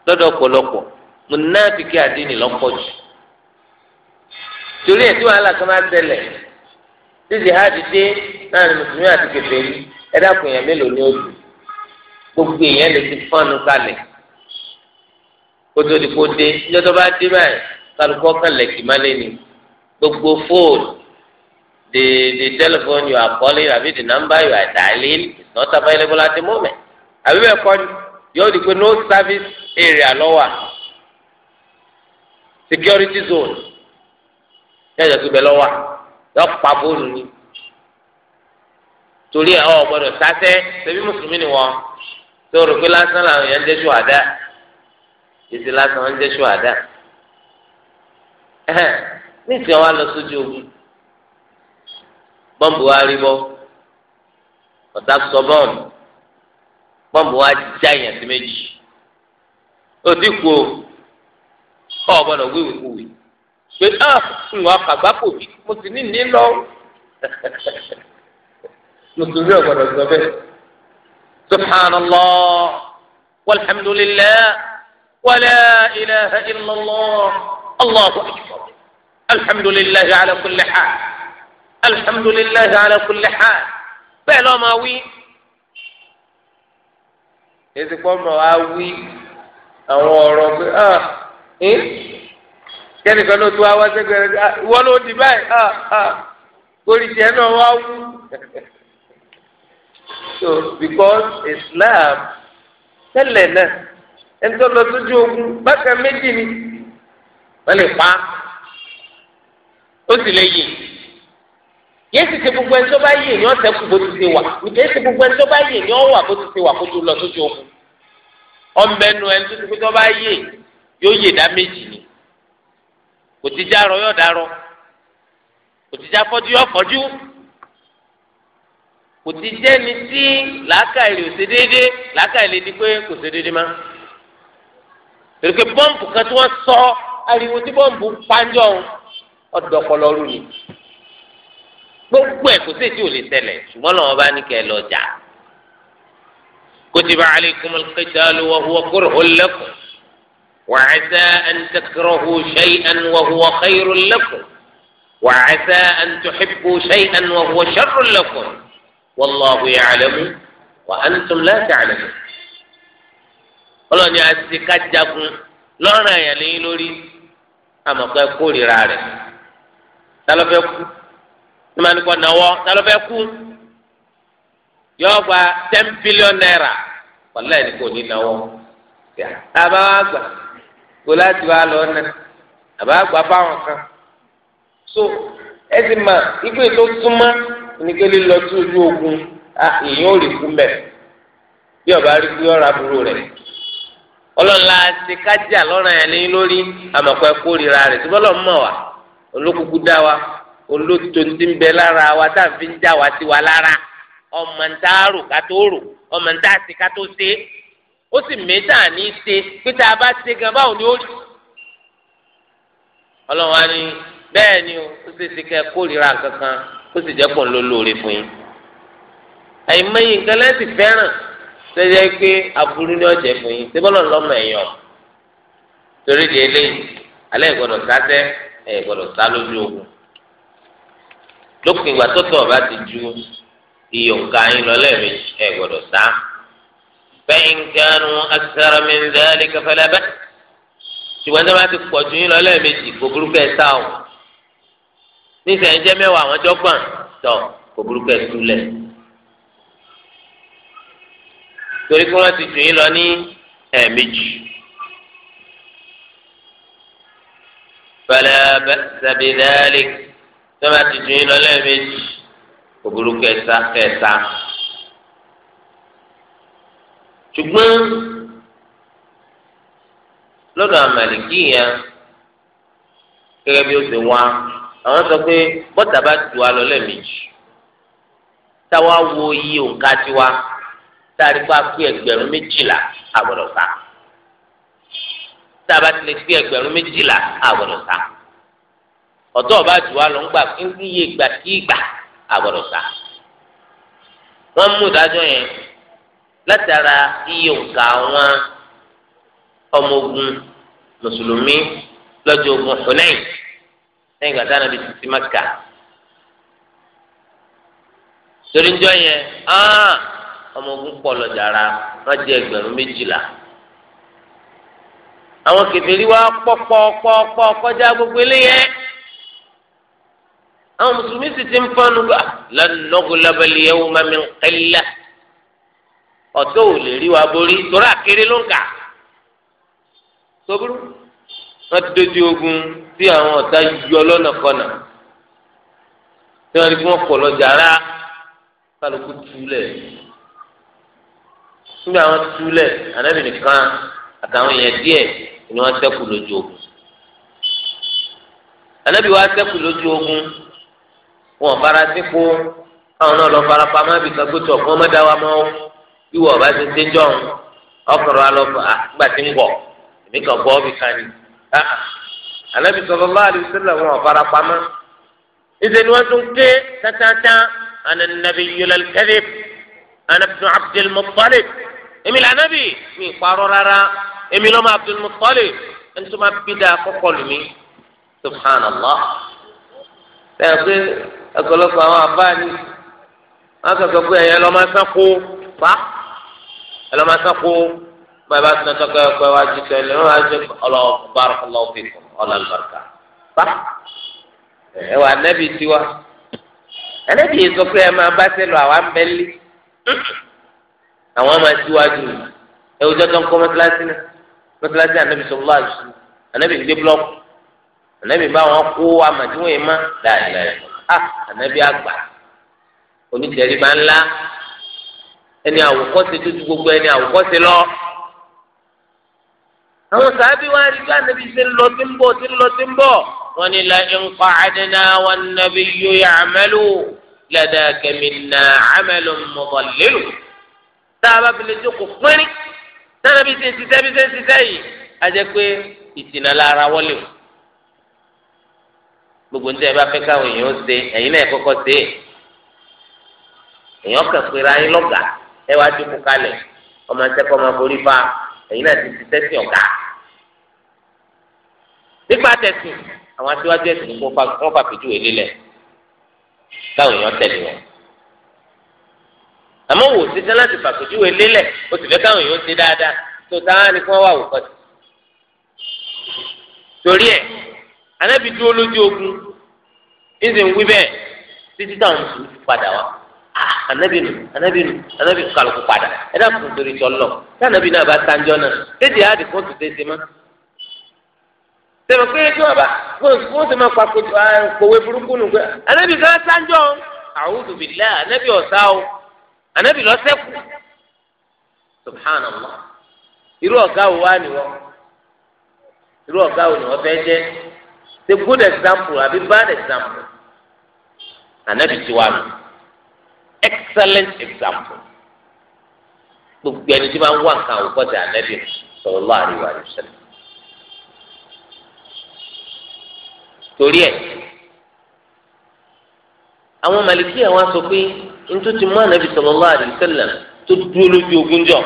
lọ́dọ̀ pọ̀lọpọ̀ mùnáfíkì àdínì lọ́pọ̀ jù. torí ẹ̀ tí wàhálà kan máa tẹ̀lẹ̀ tí jihadi dé láàrin mùsùlùmí àti kèfèrí ẹ̀dá mélòó ni ó gbogbo èèyàn lè kótó di kó dé níjọ́ tó bá dé báyìí kálukọ́ kan lẹ̀kì má lé ni gbogbo fóònù the the telephone you are calling àbí the number you are dialing is not available at the moment àbí bẹ́ẹ̀ kọ́ ni yóò di pé no service area ló wà security zone yóò jẹ́ pé bẹ́ẹ̀ ló wà yóò pa fóònù ni torí ẹ̀ ọ́ gbọ́dọ̀ sáṣẹ́ ṣebí mùsùlùmí ni wọ́n tó rò lásán làwọn èèyàn ń dẹ́sù àdá títí lásán wọn jẹ́ ṣùwádà nísìnyí wọn lọ sójú ogun bọ́ǹbù wa rí bọ́ ọ̀tá sọ bọ́ǹbù bọ́ǹbù wa já èèyàn sí méjì òtí kú o ọ̀ gbọ́dọ̀ wíwìkúwì pé ah ń wọ́n kàgbá kò bí mo sì ní ní lọ mùsùlùmí ọ̀gbọ́dọ̀ sọ bẹ́ẹ̀ subhanallah walhamdulillah. ولا إله إلا الله الله أكبر الحمد لله على كل حال الحمد لله على كل حال بلا ما وي إذا كنا أوي أو رب آه إيه kẹ́ni kan ló tó wá wá sẹ́gbẹ́ rẹ̀ wọ́n ló di báyìí oríṣi ẹ̀ náà wá wú. so because islam tẹ́lẹ̀ náà ẹni tó lọ sójú ogun bákan méjì ni wọ́n lè pa ó sì lè yè yéé sì ṣe gbogbo ẹni tó bá yè ni ọ̀sẹ̀ kù bó ti ṣe wà yéé sì gbogbo ẹni tó bá yè ni ọ̀wà bó ti ṣe wà kó tó lọ sójú ogun ọ̀nbẹ́nu ẹni tó ti pé tó bá yè yóò yè dá méjì ni kò ti já rọ yóò darọ kò ti já fọjú yóò fọjú kò ti jẹ́ tí làákàyè ò ṣe déédéé làákàyè lè di pé kò ṣe déédéé máa èrèké bọ́ǹbù kan tí wọ́n sọ ariwo tí bọ́ǹbù pàjọ́ ọ̀dọ̀ ọpọlọ́rù ni gbogbo ẹ̀ kò sí èdè ò lè tẹ̀lẹ̀ ṣùgbọ́n làwọn bá ní kẹ́ ẹ lọ jà kutiba alaykumul qitalu wa huwa kurhun lakum wa 'asa an takrahu shay'an wa huwa khayrun lakum wa 'asa an tuhibbu shay'an wa huwa sharrun lakum wallahu ya'lamu wa antum la ta'lamun ọlọ́ni àti kájagun lọ́rùn àyàn lẹ́yìn lórí àmọ̀kọ́ ẹ kórìíra rẹ̀ tálọ́fẹ́ kú nímánìkọ́ náwọ́ tálọ́fẹ́ kú yọ gba ten billion naira wàlẹ́ ní kò ní náwọ́ àbá wa gbà kó láti wá lọ ná àbá gbà fáwọn kan so ẹ ti mà ibi tó súnmọ́ oníkẹ́lẹ́ lọ sí ojú ogun ah, èèyàn ò lè kú mẹ́ bí ọba rí kú yọ̀ọ́ burú rẹ̀ ọlọ́la ti kájà lọ́rọ̀ yẹn lé lórí àmọ̀kọ́ ẹ̀kórira rẹ̀ tí bọ́lọ̀ mọ̀ wá olókùkù dá wa olóto ti ń bẹ lára wa tá à ń fi ń já wa sí wa lára ọmọ ntá rò ká tó rò ọmọ ntá sí ká tó ṣe ó sì mẹ́ta ní í ṣe pé tá a bá ṣe gan báwo ni ó rí ọlọ́wọ́n á bẹ́ẹ̀ ni ó ṣe ṣe kẹ́ kórira kankan ó sì jẹ́ pọ̀ ń lóore fún yín àìmọye nǹkan lẹ́sìn fẹ́ràn sẹ́jẹ́ pé aburú ni ọ̀jẹ̀ fún yín ṣé bọ́lọ̀ lọ́mọ ẹ̀yàn torí di eléyìí alẹ́ ìgbọ́dọ̀ sátẹ́ ẹ̀ ìgbọ́dọ̀ sá lójú ogun lópin ìgbà tó tọ̀ bá ti ju iye òǹkà yín lọ lẹ́ẹ̀mejì ẹ̀ ìgbọ́dọ̀ sá fẹ́yìn kánú akitara mẹ́ńdálẹ́ kẹfẹ́lẹ́ bẹ́ẹ̀ ṣùgbọ́n tó bá ti pọ̀ ju yín lọ lẹ́ẹ̀mejì kò burúkú sá o níṣẹ́ jẹ́ mẹ́wàá àwọn jọ́gbọ̀n tọ̀ kò burúkú ẹ̀ torí pé wọ́n ti jù yín lọ ní ẹ̀ẹ̀mejì. fẹlẹ sẹbi dẹẹli tó bá ti jù yín lọ lẹ́ẹ̀mejì òbúrú kẹta kẹta. ṣùgbọ́n lọ́dọ̀ àmàlìkì yẹn gẹ́gẹ́ bí ó ti wá àwọn sọ pé bọ́tà bá tù wá lọ táwa wo iye òǹkà tiwa táàrí pa pé ẹgbẹ̀rún méjìlá àgbọ̀dọ̀ sá táàbà ti lè pé ẹgbẹ̀rún méjìlá àgbọ̀dọ̀ sá ọ̀tọ̀ ọba jù wá lọ ń gbà fún iye ìgbà kí ìgbà àgbọ̀dọ̀ sá wọ́n mú ìdájọ́ yẹn látara iye òǹkà àwọn ọmọ ogun mùsùlùmí lọ́jọ́ ogun Hunain lẹ́yìn ìgbà táwọn ọ̀nà ti ti Mákà torí ń jọ yẹn áá. Ah, ọmọ ogun pọ̀ lọ jàrá wọ́n jẹ́ ẹgbẹ̀rún méjìlá àwọn kèfèrí wa pọpọpọpọ kọjá gbogbo eléyẹ àwọn mùsùlùmí sì ti ń fọnù gbà lánàgọlábẹlẹ yẹwò mami nkẹlẹ ọtọ ò lè rí wa borí torí àkèrè ló ń kà sọgbúrú wọn ti dojú ogun tí àwọn ọ̀tá yọ lọ́nà kọnà tí wọn rí fún ọpọlọ jàrá kálukú túlẹ̀ nígbà wọn túlẹ̀ ànábì nìkan àtàwọn èèyàn díẹ̀ ni wọ́n ṣẹ́kù lójú ogun ànábì wa ṣẹ́kù lójú ogun wọn bára sí kó àwọn náà lọ fara pamọ́ àbí kagbótó ọ̀gbọ́n mẹ́ta wa mọ́ ìwọ ọba ti ṣe jọ ọkùnrin alọ àgbà tí ń bọ̀ èmi kàn gbọ́ bí kan ni ah, ah. ànábì sallallahu alaihi wasallam wọn fara pamọ́ ìṣe ni wọ́n tún ké tátátá ànànàbí yọlẹ̀ kẹ́lẹ́ ànàbì tó Abdul èmi là nábì mi parọ́ rárá èmi lọ́mọ Abdul Muttalib ẹni tó máa bí dáa kọ́kọ́ lù mí subhanallah lẹ́yìn pé ọ̀pọ̀lọpọ̀ àwọn abáàní wọn kàn sọ pé ẹ̀yẹ lọ́mọ sáko fa ẹ̀ lọ́mọ sáko bàbá tó náà tọ́kọ̀ ẹ̀kọ́ wa jù sẹ́lẹ̀ wọn wá jẹ barakallahu fikum ọlọ́lùbáràkà fa ẹ̀ wà nábì tiwa ẹ̀ nábì yìí sọ pé ẹ̀ máa bá sẹ́lọ̀ àwa ń bẹ́ẹ̀ àwọn máa síwájú ẹ wùjọ tó ń kọ́ mọ́tíláṣí náà mọ́tíláṣí ànábì sọ̀rọ̀ láàjù ànábì gbé blọ́ọ̀kù ànábì bá wọn kó amàdíwọ̀n yẹn má dáadáa a ah, ànábì àgbà onídẹ̀ẹ́rì máa ń lá ẹni àwòkọ́ṣe tó ju gbogbo ẹni àwòkọ́ṣe lọ. àwọn sàábì wá rí bí ànábì ṣe ń lọ sí ń bọ̀ sí ń lọ sí ń bọ̀ wọn ni la ń àdínà wọn nàbí yóò yà àmẹ́lò lẹ́dàá kẹ́mi nà àmẹ́lò mọ̀ọ́lẹ́lò tá a bá fi lè jókòó pínrín sára bí ṣe ń ṣiṣẹ́ bí ṣe ń yìí a jẹ́ pé ìtìnà lára wọlé o gbogbo ní ẹ bá fẹ́ káwọn èèyàn ṣe ẹ̀yin náà kọ́kọ́ ṣe èèyàn kàn pé ra yín lọ́gà ẹ wá jókòó kalẹ̀ ọmọ ṣẹ́kọ̀ ọmọ borí fa ẹ̀yin náà ti ṣiṣẹ́ sí ọ̀gá nípa tẹ̀sìn àwọn aṣíwájú ẹ̀sìn kó fà pẹ̀jú èlé lẹ̀ káwọn èèyàn tẹ̀lé wọn àmọ́ wò sí tán láti fàkójúwe lélẹ̀ o sì fẹ́ káwọn èèyàn ṣe dáadáa tó táwọn ni kí wọ́n wà wò kọ́ torí ẹ̀ anábì dúró lójú ogun ń sì ń wí bẹ́ẹ̀ títí táwọn mùsùlùmí fi padà wá anábì ah, nù anábì nù anábì kàlùkù padà ẹ dáa fún torí tọ́lọ̀ tí anábì náà bá sanjọ́ náà tètè á di kóòtù tètè má tẹ̀wọ̀n pé kí wọ́n bá wọ́n ti máa pa kòwé ah, burúkú nù pé anábì kan sanjọ́ àwọn anabi lọ sẹ́kù subhanallah irú ọ̀gá wo wá ni wọ́n irú ọ̀gá wo ni wọ́n fẹ́ jẹ́ good example abi bad example anabi ti wa mi excellent example gbogbo ẹni tí wọ́n wá nǹkan àwòkọ́ ti anabi sallallahu alaihi wa sallam torí ẹ̀ àwọn màlìkí ẹ̀ sọ pé. nítorí mú ànábì sallallahu alaihi wasallam tó dúró lójú ogún jọ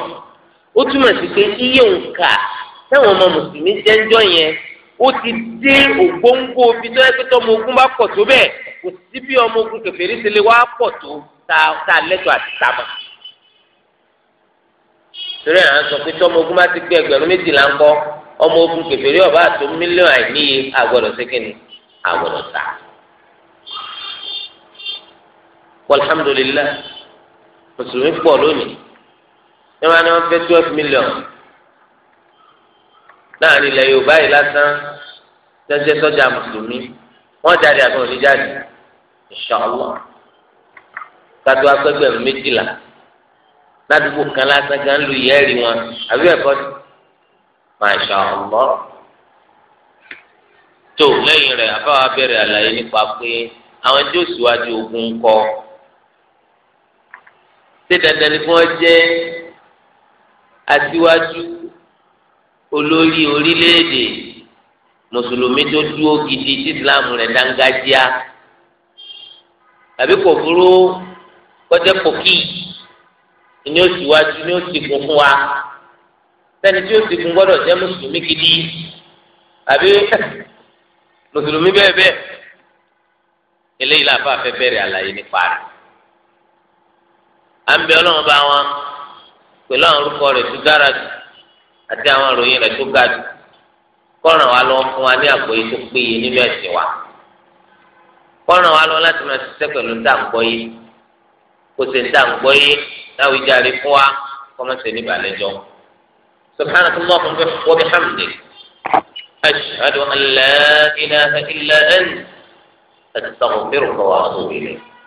ó túmọ̀ sí pé iye òǹkà táwọn ọmọ mùsùlùmí jẹ́ ń jọ yẹn ó ti dé ògbóǹgbò bí tó yẹ pé tọmọ ogun bá pọ̀ tó bẹ́ẹ̀ kò sí bí ọmọ ogun kèfèrí ti lè wá pọ̀ tó tá a lẹ́tọ̀ọ́ àti tàmà torí à ń sọ pé tọmọ ogun bá ti pé ẹgbẹ̀rún méjìlá ń kọ́ ọmọ ogun kèfèrí ọba àti mílíọ̀nù àìníye àgbọ̀dọ̀ walhamdulilah mùsùlùmí pọ̀ lónìí níwọ̀n á ní wọ́n fẹ́ twelve million láàrin ilẹ̀ yorùbá yìí lásán jẹ́jẹ́ sọ́jà mùsùlùmí wọ́n jáde àti òní jáde inṣàlọ́ kátó akẹ́gbẹ̀rún méjìlá ládùúgbò kan lásán kan lu ìyẹ́rì wọn àbí ẹ̀kọ́ sí màṣàlọ́ tó lẹ́yìn rẹ̀ àbáwá bẹ̀rẹ̀ àlàyé nípa pé àwọn tí ó síwájú ogun kọ́ ṣé dandan ni kí wọ́n jẹ́ aṣíwájú olórí orílẹ̀-èdè mùsùlùmí tó dúró gidi tí ìsìláàmù rẹ̀ dángájíá tàbí kò burú kọjá pòkì ni ó síwájú ni ó sì kún fún wa sẹ́ni tí ó sì kún gbọ́dọ̀ jẹ́ mùsùlùmí gidi àbí mùsùlùmí bẹ́ẹ̀ bẹ́ẹ̀ eléyìí làbá fẹ́ bẹ̀rẹ̀ àlàyé nípa rẹ̀ à ń bẹ ọlọ́run bá wọn pẹ̀lú àwọn orúkọ rẹ̀ tó dára jù àti àwọn ìròyìn rẹ̀ tó ga jù kọ́ràn wa lọ fún wa ní àgbọ́yé tó péye nínú ẹ̀sìn wa kọ́ràn wa lọ láti máa ṣiṣẹ́ pẹ̀lú dáǹgbọ́yé kò sì dáǹgbọ́yé láwùjáde fún wa kọ́mọ́sẹ̀ ní balẹ̀jọ́ سبحانك اللهم وبحمدك أشهد أن لا إله إلا أنت أستغفرك وأتوب إليك